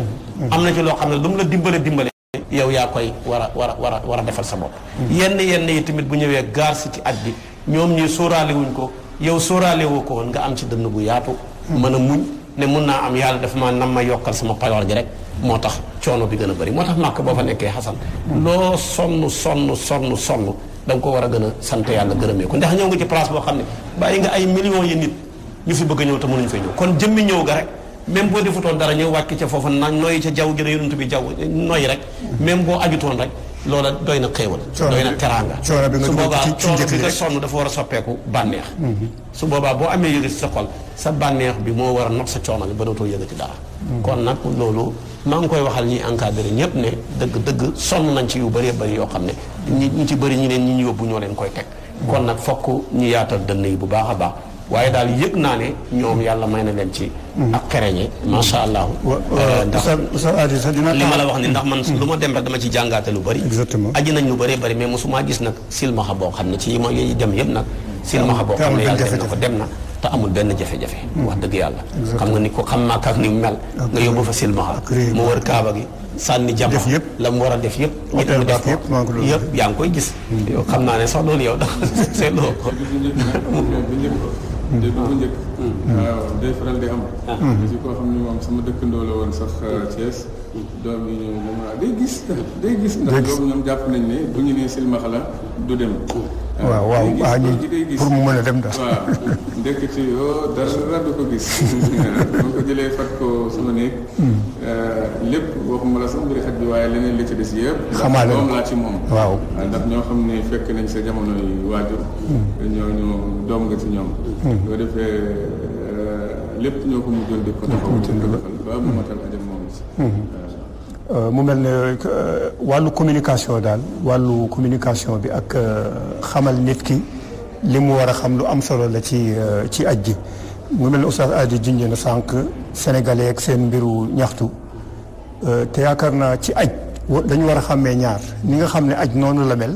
am na ci loo xam ne lu la dimbale dimbale yow yaa koy war a war a war a war defal sa bopp yenn yenn yi tamit bu ñëwee gaar ci aj bi ñoom ñuy sóoraale ko yow sóoraale woo ko woon nga am ci dënn bu yaatu ne mun naa am yàlla dafa ma nam ma yokkal sama payoor gi rek moo tax coono bi gën a bëri moo tax màkk boo fa nekkee xasan loo sonn sonn sonn sonn da nga ko war a gën a sant yàlla gërëmee ko ndax ñëw nga ci place boo xam ne bàyyi nga ay millions yi nit ñu fi bëgg a ñëw te ñu fa ñëw kon jëmmi ñëw ga rek même boo defutoon dara ñëw wàcc ca foofa na noyyi ca jaww gi da yonent bi jaww noyyi rek même boo ajutoon rek loola doy na xéewal doy na teraanga su boobaa coono bi nga sonn dafa war a soppeeku bànneex mm-hmm. su boobaa boo amee yëgati sa xol sa bànneex bi moo war a nopp sa coono bi ba dootoo yëgati dara mm-hmm. kon nag loolu maa ngi koy waxal ñi encadré ñëpp ne dëgg dëgg sonn nañ ci yu bëree bëri yoo xam ne ñi ñi ci bëri ñi leen ñi ñu yóbbu ñoo leen koy teg mm-hmm. kon nag fokk ñu yaatal dënn yi bu baax a baax waaye daal yëg naa ne ñoom yàlla may na leen ci. Mhm. ak xereñe macha allah. Euh, ndax li ma la wax ni ndax man lu mhm. ma dem rek dama ci jàngaate lu bëri. exactement aji nañ lu bëree bëri mais mosumaa gis nag silmaxa boo xam ne ci yi ma yi dem yëpp nag. silmaxa boo xam ne yàlla def dem na. te amul benn jafe mhm. wax dëgg yàlla. xam nga ni ko xam naa ni mu mel. nga yóbbu fa silmaxa mu wër kaaba gi. sànni jàmm la mu war a def yëpp. hôtel baax yëpp yaa ngi koy gis. yow xam naa ne sax loolu yow da seetloo ko. Mmh. dégg bu njëkk. Mmh. waaw day faral di am. Mmh. ci koo xam ne moom sama dëkkandoo la woon sax euh, Thiès. doom bi ñëw day gis day gis ndax doom ñoom jàpp nañ ne bu ñu nee silmaxa la du dem waaw waaw waaw ñu pour mu mën a dem daal waaw ndekete yoo oh, dara du ko gis bu ko jëlee fat ko suma néeg hmm. euh, lépp waxuma la sax mbiri xaj bi waaye leneen li ci des yëpp xamaale moom laa ci moom waaw euh, ndax ñoo xam ne fekk nañ sa jamono yi waajur hmm. ñooñu doom nga ci ñoom hmm. boo defee euh, lépp ñoo ko mujjoon di ko taxaw ba mu matal ajam moom si ممل والو كومينيكاسيون دال والو كومينيكاسيون بي اك خمال نيتكي لي مو ورا خملو ام سولو لا تي تي اجي ممل استاذ ادي جينجي نا سانك سينيغالي اك سين بيرو نياختو تي ياكارنا تي اج دانيو ورا خامي نيار نيغا خامني اج نونو لا مل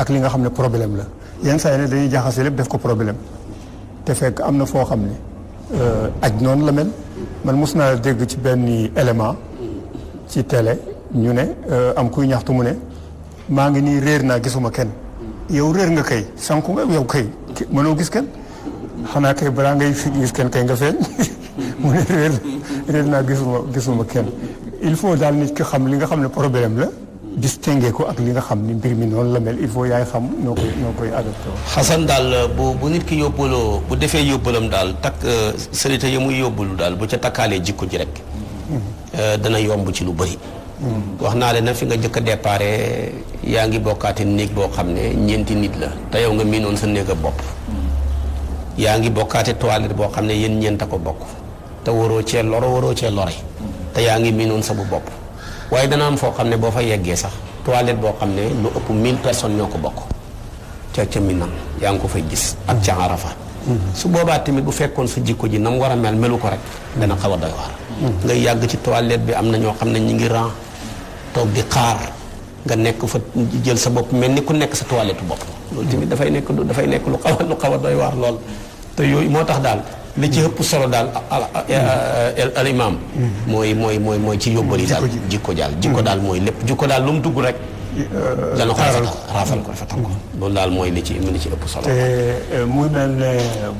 اك ليغا خامني بروبليم لا يان سايني داني جاخاسي ليب ديف بروبليم تي فك امنا فو خامني اج نونو لا مل من مسنا ديغ تي بن اليمان ci télé ñu ne euh, am kuy ñaxtu mu ne maa ngi nii réer naa gisuma kenn yow réer nga kay sànku nga yow kay mënoo gis kenn xanaa kay balaa ngay fi gis kenn kay nga feeñ mu ne réer réer naa gisuma kenn il faut daal nit ki xam li nga xam ne problème la distingué ko ak li nga xam ni mbir mi noonu la mel il faut yaay xam noo koy noo koy adopté xasan daal bu bu nit ki yóbbaloo bu defee yóbbalam daal takk euh, sërite yi muy yóbbalu daal bu ca takkaalee jikko ji rek mm-hmm. Euh, dana yomb ci lu bëri. Hmm. wax naa leen na fi nga jëkk a départ yaa ngi bokkaate néeg boo xam ne ñeenti nit la te yow nga miinoon sa néeg a bopp. Hmm. yaa ngi bokkaate toilette boo xam ne yéen ñeent a ko bokk te waroo cee loro waroo cee lore. Hmm. te yaa ngi miinoon sa bopp. waaye dana am foo xam ne boo fa yeggee sax toilette boo xam ne lu ëpp mille personnes ñoo ko bokk. ca ca Minam yaa ngi ko fay gis. ak ca Arafa. su boobaa tamit bu fekkoon sa jikko ji nam war a mel melu ko rek dana xaw a doy waar. nga yàgg ci toilette bi am na ñoo xam ne ñu ngi ran toog di xaar nga nekk fa jël sa bopp mel ni ku nekk sa toilette bopp loolu tamit hmm. dafay nekk dafay nekk lu xaw a lu xaw a waar lool te yooyu moo tax daal li ci ëpp solo daal hmm. al imam hmm. mooy mooy mooy mooy ci yóbbali daal jikko daal jikko daal mooy lépp jikko daal lu mu dugg rek euh, dana ko raafal ko rafetal ko loolu daal mooy li ci li ci ëpp solo te euh, mel ne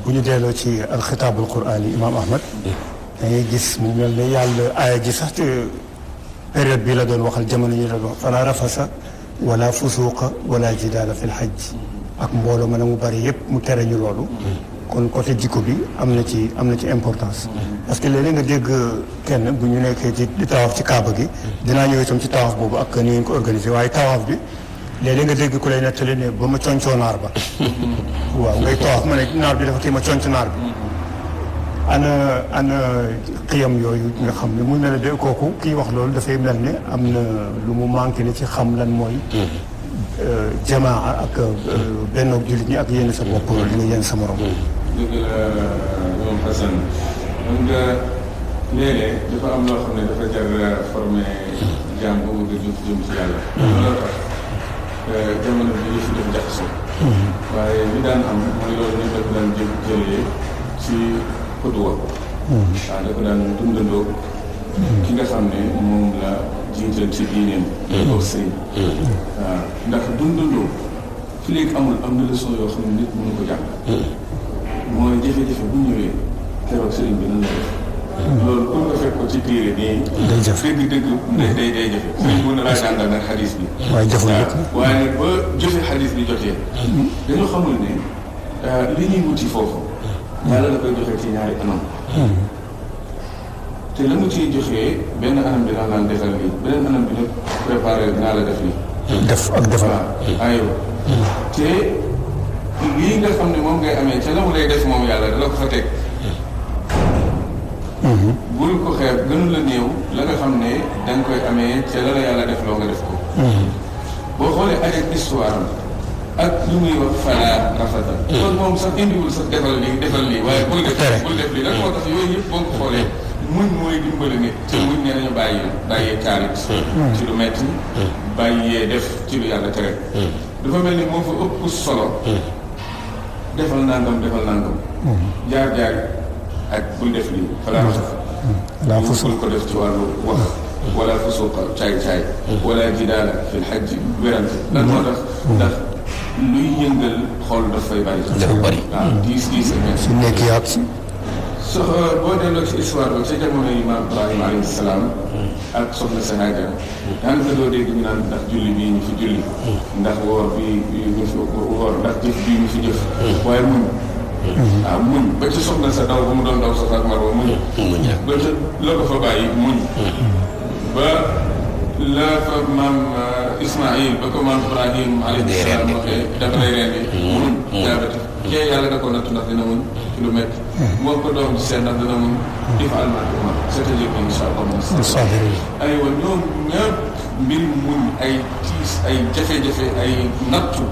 bu ñu delloo ci alxitaabul quraani imam ahmad da ngay gis mu mel ne yàlla aaya ji sax te période bi la doon waxal jamono ñu doon wax fala rafasa wala fusuuqa wala jidaala fil xajj ak mbooloo ma ne mu bari yëpp mu tere ñu loolu kon côté jikko bi am na ci am na ci importance parce que léeg-léeg nga dégg kenn bu ñu nekkee ci di tawaaf ci kaaba gi dinaa ñëw itam ci tawaaf boobu ak ni ngeen ko organisé waaye tawaaf bi léeg-léeg nga dégg ku lay nettali ne ba ma concoo naar ba waaw ngay tawaaf ma ne naar bi dafa kii ma conco naar bi انا انا قيم يو خم لي مول ملي كوكو كي واخ لول دا فاي ملني امنا لو مو مانكي ني خم لان موي جماعه اك بنو جولي ني اك يين سا بوك لول ني يين سا مورو دوم حسن عند ليلي دا فا ام لو خمني دا فا جار فورمي جامبو دا جوف جوم سي يالا جامن دا يوسف دا جاخسو واي مي دان ام مولي لول ني دا فا دان جيب جيلي سي xudwa waaw da ko daan dundandoo ki nga xam ne moom la jiital ci diineem doo mm-hmm. sëy mm-hmm. ndax dundandoo fi léegi amul am na leçon yoo xam ne nit mënu jàng mm-hmm. mooy jafe-jafe bu ñëwee keroog sëriñ bi nan la def loolu pour nga fekk ko ci téere nii. day jafe dëgg dëgg day day day jafe. suñ mën na laa nag xadis bi. waaye jafewul waaye nag ba jëfe xadis dañoo xamul ne euh, li ñuy wuti foofu. yàlla la koy joxe ci ñaari anam. te la mu ci joxee benn anam bi daan naan defal lii beneen anam bi nag préparé naa la def lii. def ak defal aywa. te lii nga xam ne moom ngay amee ca la mu lay def moom yàlla dala ko fa teg. bul ko xeeb gënu la néew la nga xam ne da koy amee ca la la yàlla def loo nga def ko. Mhm. boo xoolee avec histoire ak ñu muy wax fala rafata hmm. kon moom sax indiwul sax defal lii defal lii waaye bul def bul def lii nag moo tax yooyu yëpp boo ko xoolee muñ mooy dimbali nit hmm. te muñ nee nañu bàyyi bàyyee kaarit hmm. ci lu metti bàyyee def ci lu yàlla tere dafa mel ni moo fa ëpp solo defal nangam defal nangam jaar jaar ak bul def lii fala rafata laa fusul ko def ci wàllu wax wala fusuqa caay caay wala jidaala fil xajji wérante lan moo tax ndax luy yëngal xool dafay bari. dafa bari diis diis ak su nekkee ak si. so euh, boo delloo ci histoire ba ca jamono yi maam Ibrahima alayhi salaam. ak soxna sa Haajara. daanaka doo dégg ñu ñu fi julli. ndax woor bi ñu ñu fi jëf. waaye muñ. waaw muñ ba ci sa daw ba mu doon daw Safaa ak Marwa muñ. muñ ba ca la fa bàyyi muñ. ba. la fa maam uh, Ismaïl ba ko maam Ibrahim alayhi salaam waxee dafa lay rendi mm, mm. mun jaabati kee yàlla da ko natt ndax dina mun ci lu métti mm. moo ko doom di seet ndax dina mun if almatuma c'est-à-dire insha allah moom aywa ñoom ñëpp mbir muñ ay tiis ay jafe-jafe ay nattu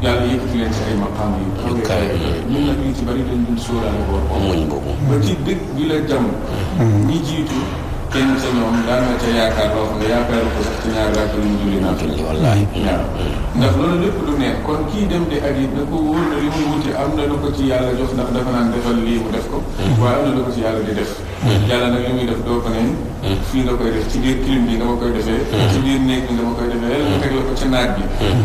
yàlla yëkkati leen ci ay maqaam yi. yu kaay ñun nag ñu ci bëri dañ dund sóoraale boobu. muñ boobu ba ci dëkk bi la jàmm. ñi jiitu. kenn ca ñoom daan na ca yaakaar loo xam ne yaakaar ko sax ci ñaari rakk lu mu julli naa ko wallaahi waaw ndax loolu lépp du ne kon kii dem di ak yi da ko wóor na li muy wuti am na lu ko ci yàlla jox ndax defal lii mu def ko mm-hmm. waaye am na lu ko ci yàlla di def mm-hmm. yàlla nag li muy def doo ko ne mm-hmm. fii nga koy def ci biir clim bi nga ma koy defee ci biir néeg bi nga ma koy defee la nga teg la ko ca naaj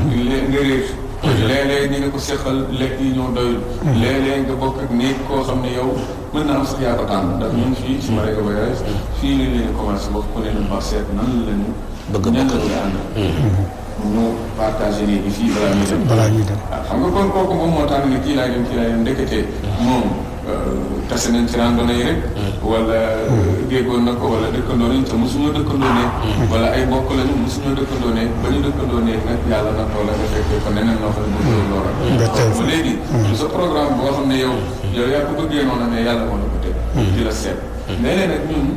bi nga réer léeg-léeg ñi nga ko seqal lekk yi ñoo doyul. léeg-léeg nga bokk ak néeg koo xam ne yow mën naa am sax yaa ko tànn ndax ñun fii su ma rek a fii lañ leen commencé wax ku ne ñu wax seet nan la ñu. bëgg a bokk ñàkk a ànd. Mm-hmm. ñu partagé néeg yi nga kon kooku moom moo tànn ne kii laay dem kii laay dem ndeketee moom. tase nañ ci randonnée yi rek. wala hmm. déggoon na ko wala dëkkandoo nañ te mosuñoo dëkkandoo ne. Hmm. wala ay mbokk lañu mosuñoo dëkkandoo ne ba ñu dëkkandoo ne yàlla na ko la nga fekkee ko neneen noo nga hmm. tey kon boo xam ne yow. yow yaa ko bëggee noonu mais la ko teg. di la seet. léeg-léeg nag ñun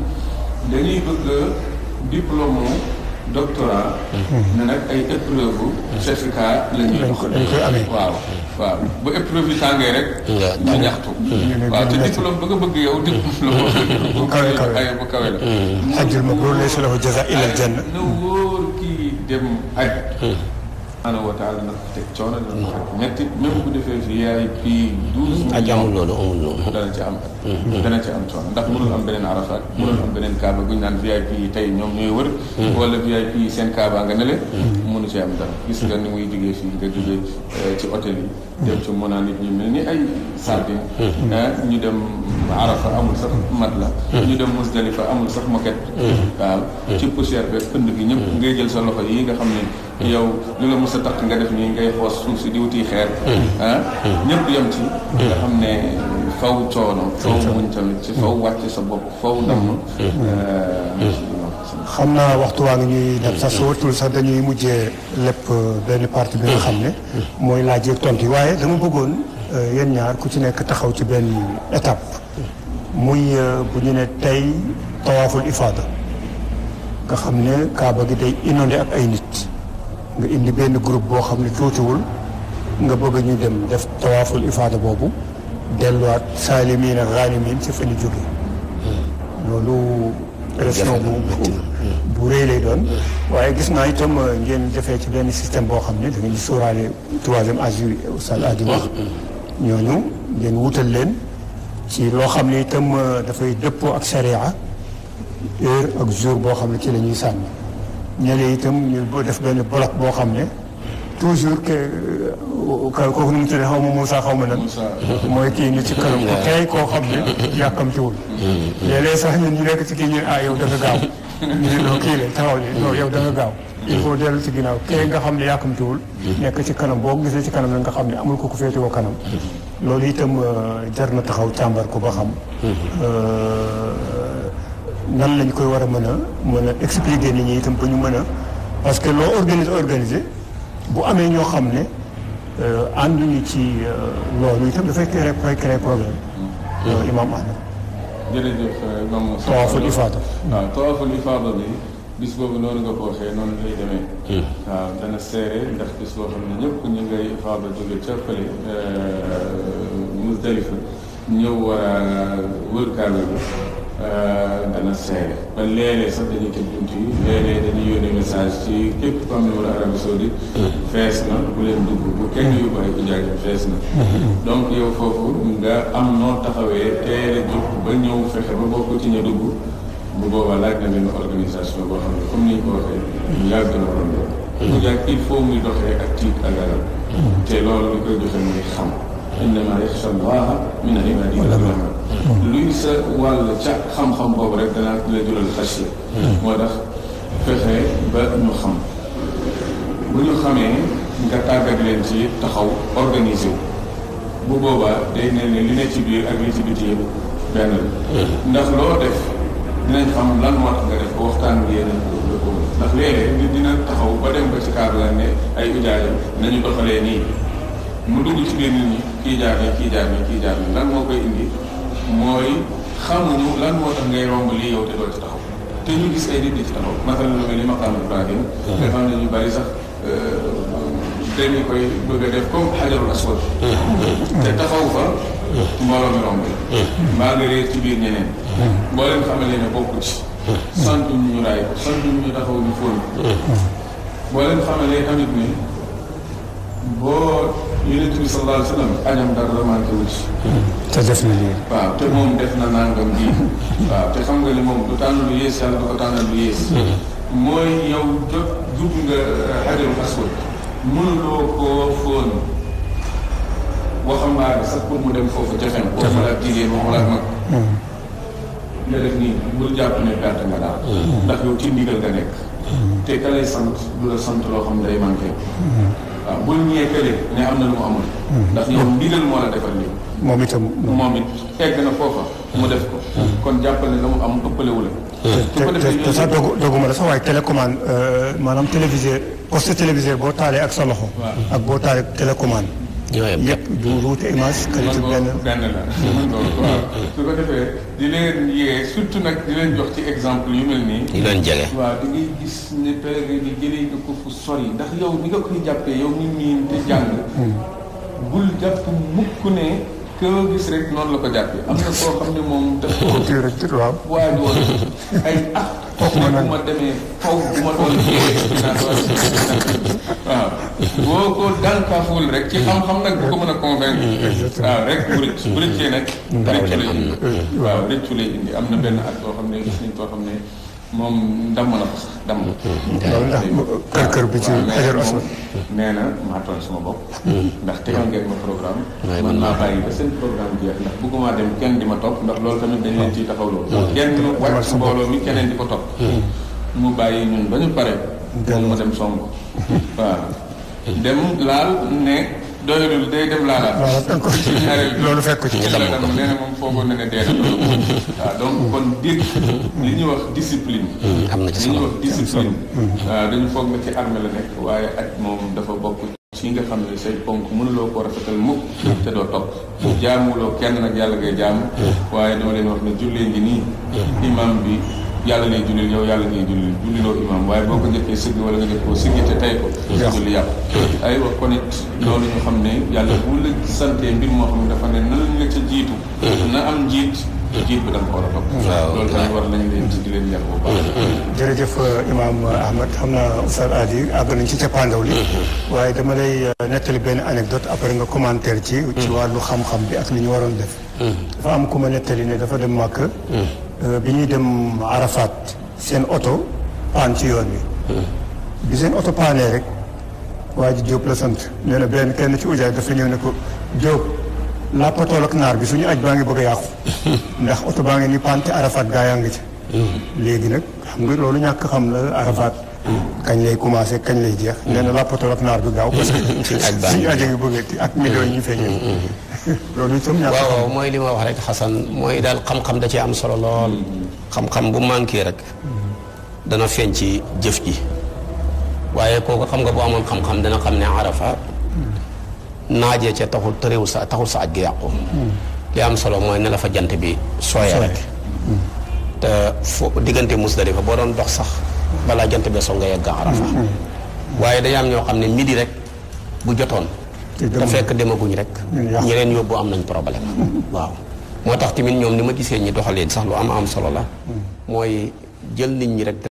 dañuy la ñuy. waaw bu épreuve yi tàngee rek. nga ñaxtu. Hmm. waaw te diplôme ba nga bëgg yow. Hmm. diplôme bu kawe kawe bu kawe la. ajjul ma loolu lay solo fa jaza ilal janna. na wóor kii dem aj. maanaam hmm. coono dana ko teg ñetti bu defee fi yaay fii douze mille aj amul loolu amul loolu dana ci am ak dana ci am coono ndax mënul am beneen arafat mënul am beneen kaaba bu naan VIP yi tey ñoom ñooy wër wala VIP yi seen kaaba nga ne le ci am dara. gis nga ni muy jógee fii nga jógee eh, ci hôtel yi. Mm-hmm. dem ci mën a nit ñu mel ni ay sardine. Mm-hmm. Eh, ñu dem Arafa amul sax mm-hmm. mat la. ñu dem Musdalifa amul sax moket. waaw ci poussière bi pënd bi ñëpp ngay jël sa loxo yi nga xam ne yow lu la mos a takk nga def nii ngay xoos suuf si di wuti xeer. Ah, ñëpp yam ci. nga xam ne faw coono. faw muñ tamit ci faw wàcc sa bopp faw damm. Eh, xam naa waxtu waa ngi ñuy dem sax su watul sax dañuy mujjee lépp euh, benn partie bi nga xam ne mooy laaj yeeg tontu waaye dama bëggoon euh, yéen ñaar ku ci nekk taxaw ci benn étape muy euh, bu ñu ne tey tawaaful ifaada nga xam ne kaaba gi day inondé ak ay nit nga indi benn groupe boo xam ne tuutiwul nga bëgg ñu dem def tawaaful ifaada boobu delluwaat saalimiin ak gaalimiin ci fa ñu jóge loolu référendum bu rëy lay doon waaye gis naa itam ngeen defee ci benn système boo xam ne da ngeen di sóoraale troisième âge yu Oustaz Hady wax ñooñu ngeen wutal leen ci loo xam ne itam dafay dëppoo ak charia heure ak jour boo xam ne ci la ñuy sànni ñële itam ñu def benn bloc boo xam ne toujours que euh, kooku nu mu tuddee xaw ma saa xaw ma lan. mooy kii ni ci kanam ku tey koo xam ne yàkkamtiwul. Mm-hmm. léeg-léeg sax ñun ñu nekk ci kii ñu ah yow dafa gaaw. ñu ne kii la taxaw ne non yow dafa gaaw. il faut dellu ci ginnaaw kee nga xam ne yàkkamtiwul. Mm-hmm. nekk ci kanam boo gisee si kanam la nga xam ne amul ko ku féetewoo kanam. Mm-hmm. loolu itam euh, jar na taxaw càmbar ko ba xam. Euh, nan lañ koy war a mën a mën a expliquer nit ñi itam ba ñu mën a parce que loo organise organiser. bu amee ñoo euh andu ñu ci loolu itam dafay créer créer problème. euh imam Ahmed. jërëjëf imam tawaf al ifada ifaada. tawaf al ifada bi bis boobu noonu nga ko waxee noonu lay demee. waaw dana seere ndax bis boo xam ne ñëpp ñu ngay ifaada jóge ca fële Muzdalifa ñëw war a wër kaaba Euh, dana seere ba léeg-léeg sax dañuy tëj bunt yi léeg dañuy yónnee message ci képp ku am numéro Arabie Saoudite mm-hmm. fees na bu leen dugg bu kenn yu bari ku fees na mm-hmm. donc yow foofu nga am noo taxawee teel a ba ñëw fexe ba bokk ci ña dugg bu boobaa laaj na benn organisation boo xam ne comme ni ñu ko waxee na waroon doon mu mm-hmm. yàgg il faut muy doxee ak tiit ak alal te loolu li koy joxe muy xam انما يخشى الله من عباده العلماء ليس والتشاك خم خم بابر الدلات لدول الخشية ودخ فخي بنو خم بنو خمي نكتا بجلنجي تخو أورغنيزيو بوبوبا دينا لنا تبير أغلتي بتير بانل ندخ لو دف دينا نخم لن وقت غرف وقتان بيانا ندخ ليلة دينا تخو بدن بشكار لاني أي إجاجة نني بخليني مدوك تبير نني kii jaarne kii jaarne kii jaarne lan moo koy indi mooy xamuñu lan moo tax ngay romb lii yow te doo ci taxaw te ñu gis ay nit ci taxaw masalan lu mel ni maqaam Ibrahim dafa am ñu bari sax dañu koy bëgg a def comme xajarul aswad te taxaw fa mbooloo mi romb mbaa ngi réer ci biir ñeneen boo leen xamalee ne bokku ci sant ñu ñu raay ko sant ñu ñu taxaw ñu fóon boo leen xamalee tamit ni boo yonent bi sallallahu alayhi wa na lii. waaw te moom def na nangam ji. waaw te xam nga ne moom du tànn lu yées yàlla du ko tànnal lu yées. mooy yow jot dugg nga euh, xajarul aswad mënuloo koo fóon waxambaane sax pour mu dem foofu jafe na. jafe na jigéen waxuma la mag. Mm. nga def nii bul jàpp ne perte nga daal. Mm. ndax yow ci ndigal nga nekk. Mm. te ka sant du la sant loo xam day manqué. waaw bul ñëwee kële ne am na lu mu amul. Hmm. ndax yow ndigal moo la defal lii. moom itam moom it egg na foofa mu def ko. Hmm. kon jàppal ne la mu am ëppalewu la. Hmm. te te sax dogu doguma la sax waaye télécommande euh, maanaam téléviseur poste téléviseur boo taalee ak sa loxo. ak boo taalee yëpp bu wuute image qualité benn benn la loolu waaw su ko defee di leen yee surtout nag di leen jox ci exemple yu mel nii di leen jege waaw di ngay gis ne pèlerin bi jëlee nga ko fu sori ndax yow ni nga koy jàppee yow mi miin di jàng bul jàpp mukk ne koo gis rek noonu la ko jàppee am na koo xam ne moom. daf koo kii rek ci waaw. waaye doon ay ah. kooku ma bu ma demee faw bu ma doon dinaa doon waaw boo ko dànkaaful rek ci xam-xam nag bu ko mën a convaincre. waaw rek bu rëcc bu rëccee nag. rëccu lay indi waaw rëccu lay indi am na benn at boo xam ne gis nañ koo xam ne. moom ndam la ko sax ndam la. Mm-hmm. kër kër bi ci ajar moom nee na maa tooñ sama bopp. Mm-hmm. ndax tegal ngeen ma programme. man maa bàyyi ba seen programme jeex ndax bëgguma dem kenn di ma topp ndax loolu tamit dañ leen ciy taxawloo. Mm-hmm. kenn wàcc mbooloo mi keneen di ko topp. mu bàyyi ñun ba ñu pare. mu ma dem song. waaw dem laal ne. doyulul day dem laalaat. waaw fekk ko ci loolu fekk ko ci ñu damm ko moom foogoon na ne dee na waaw donc kon dégg li ñuy wax discipline. Hmm, am na ci solo li ñuy wax dañu foog na ci armée la nekk waaye ak moom dafa bokk. ci nga xam ne say ponk mënuloo koo rafetal mukk te doo topp jaamuloo kenn nag yàlla ngay jaam hmm. waaye dama leen wax ne jullee ngi nii hmm. imam bi yàlla lay julli yow yàlla ngay julli julliloo imaam waaye boo ko njëkkee sigg wala nga njëkk koo sigg te tey ko julli yàqu ay wax kon it loolu ñu xam ne yàlla bu la santee mbir moo xam ne dafa ne nan la ca jiitu na am jiit bi da ko war a topp loolu tamit war nañ leen ci di leen yar bu baax jërëjëf euh, imaam ahmad xam na oustaz ali àgg nañ ci cappaandaw li mm-hmm. waaye dama lay euh, nettali benn anecdote après nga commentaire ci ci mm-hmm. wàllu xam-xam bi ak li ñu waroon def mm-hmm. dafa am ku ma nettali ne dafa dem màkk bi ñuy dem Arafat seen oto paan ci yoon bi bi seen oto paanee rek waa ji Diop la sant nee na benn kenn ci ujaay dafa ñëw ne ko Diop làppatool ak naar bi suñu aj baa ngi bëgg a yàqu ndax oto baa ngi ni pante Arafat gaa yaa ngi ci mm. léegi nag xam nga loolu ñàkk xam la Arafat mm. kañ lay commencé kañ lay jeex nee na mm. làppatool ak naar bi gaaw parce que suñu aj a ngi bëgg ak millions yi fee feeñee loolu itam waaw mooy li ma wax rek xasan mooy daal xam-xam da ci am solo lool. xam-xam bu manqué rek. dana feeñ ci jëf ji. waaye kooku xam nga bu amoon xam-xam dana xam ne arafa. naajee ca taxul tëréw sa taxul sa aj gi yàqu. Hmm. li am solo mooy ne la fa jant bi sooyee rek. Hmm. te fo diggante fa boo doon dox sax. balaa jant bee soo nga yegg arafa. Hmm. waaye dañu am ñoo xam ne midi rek bu jotoon. te fekk ñu rek ñeneen yóbbu am nañ problème waaw moo tax tamit ñoom ni ma gisee ñi doxalee sax lu am am solo la hmm. mooy jël nit ñi rek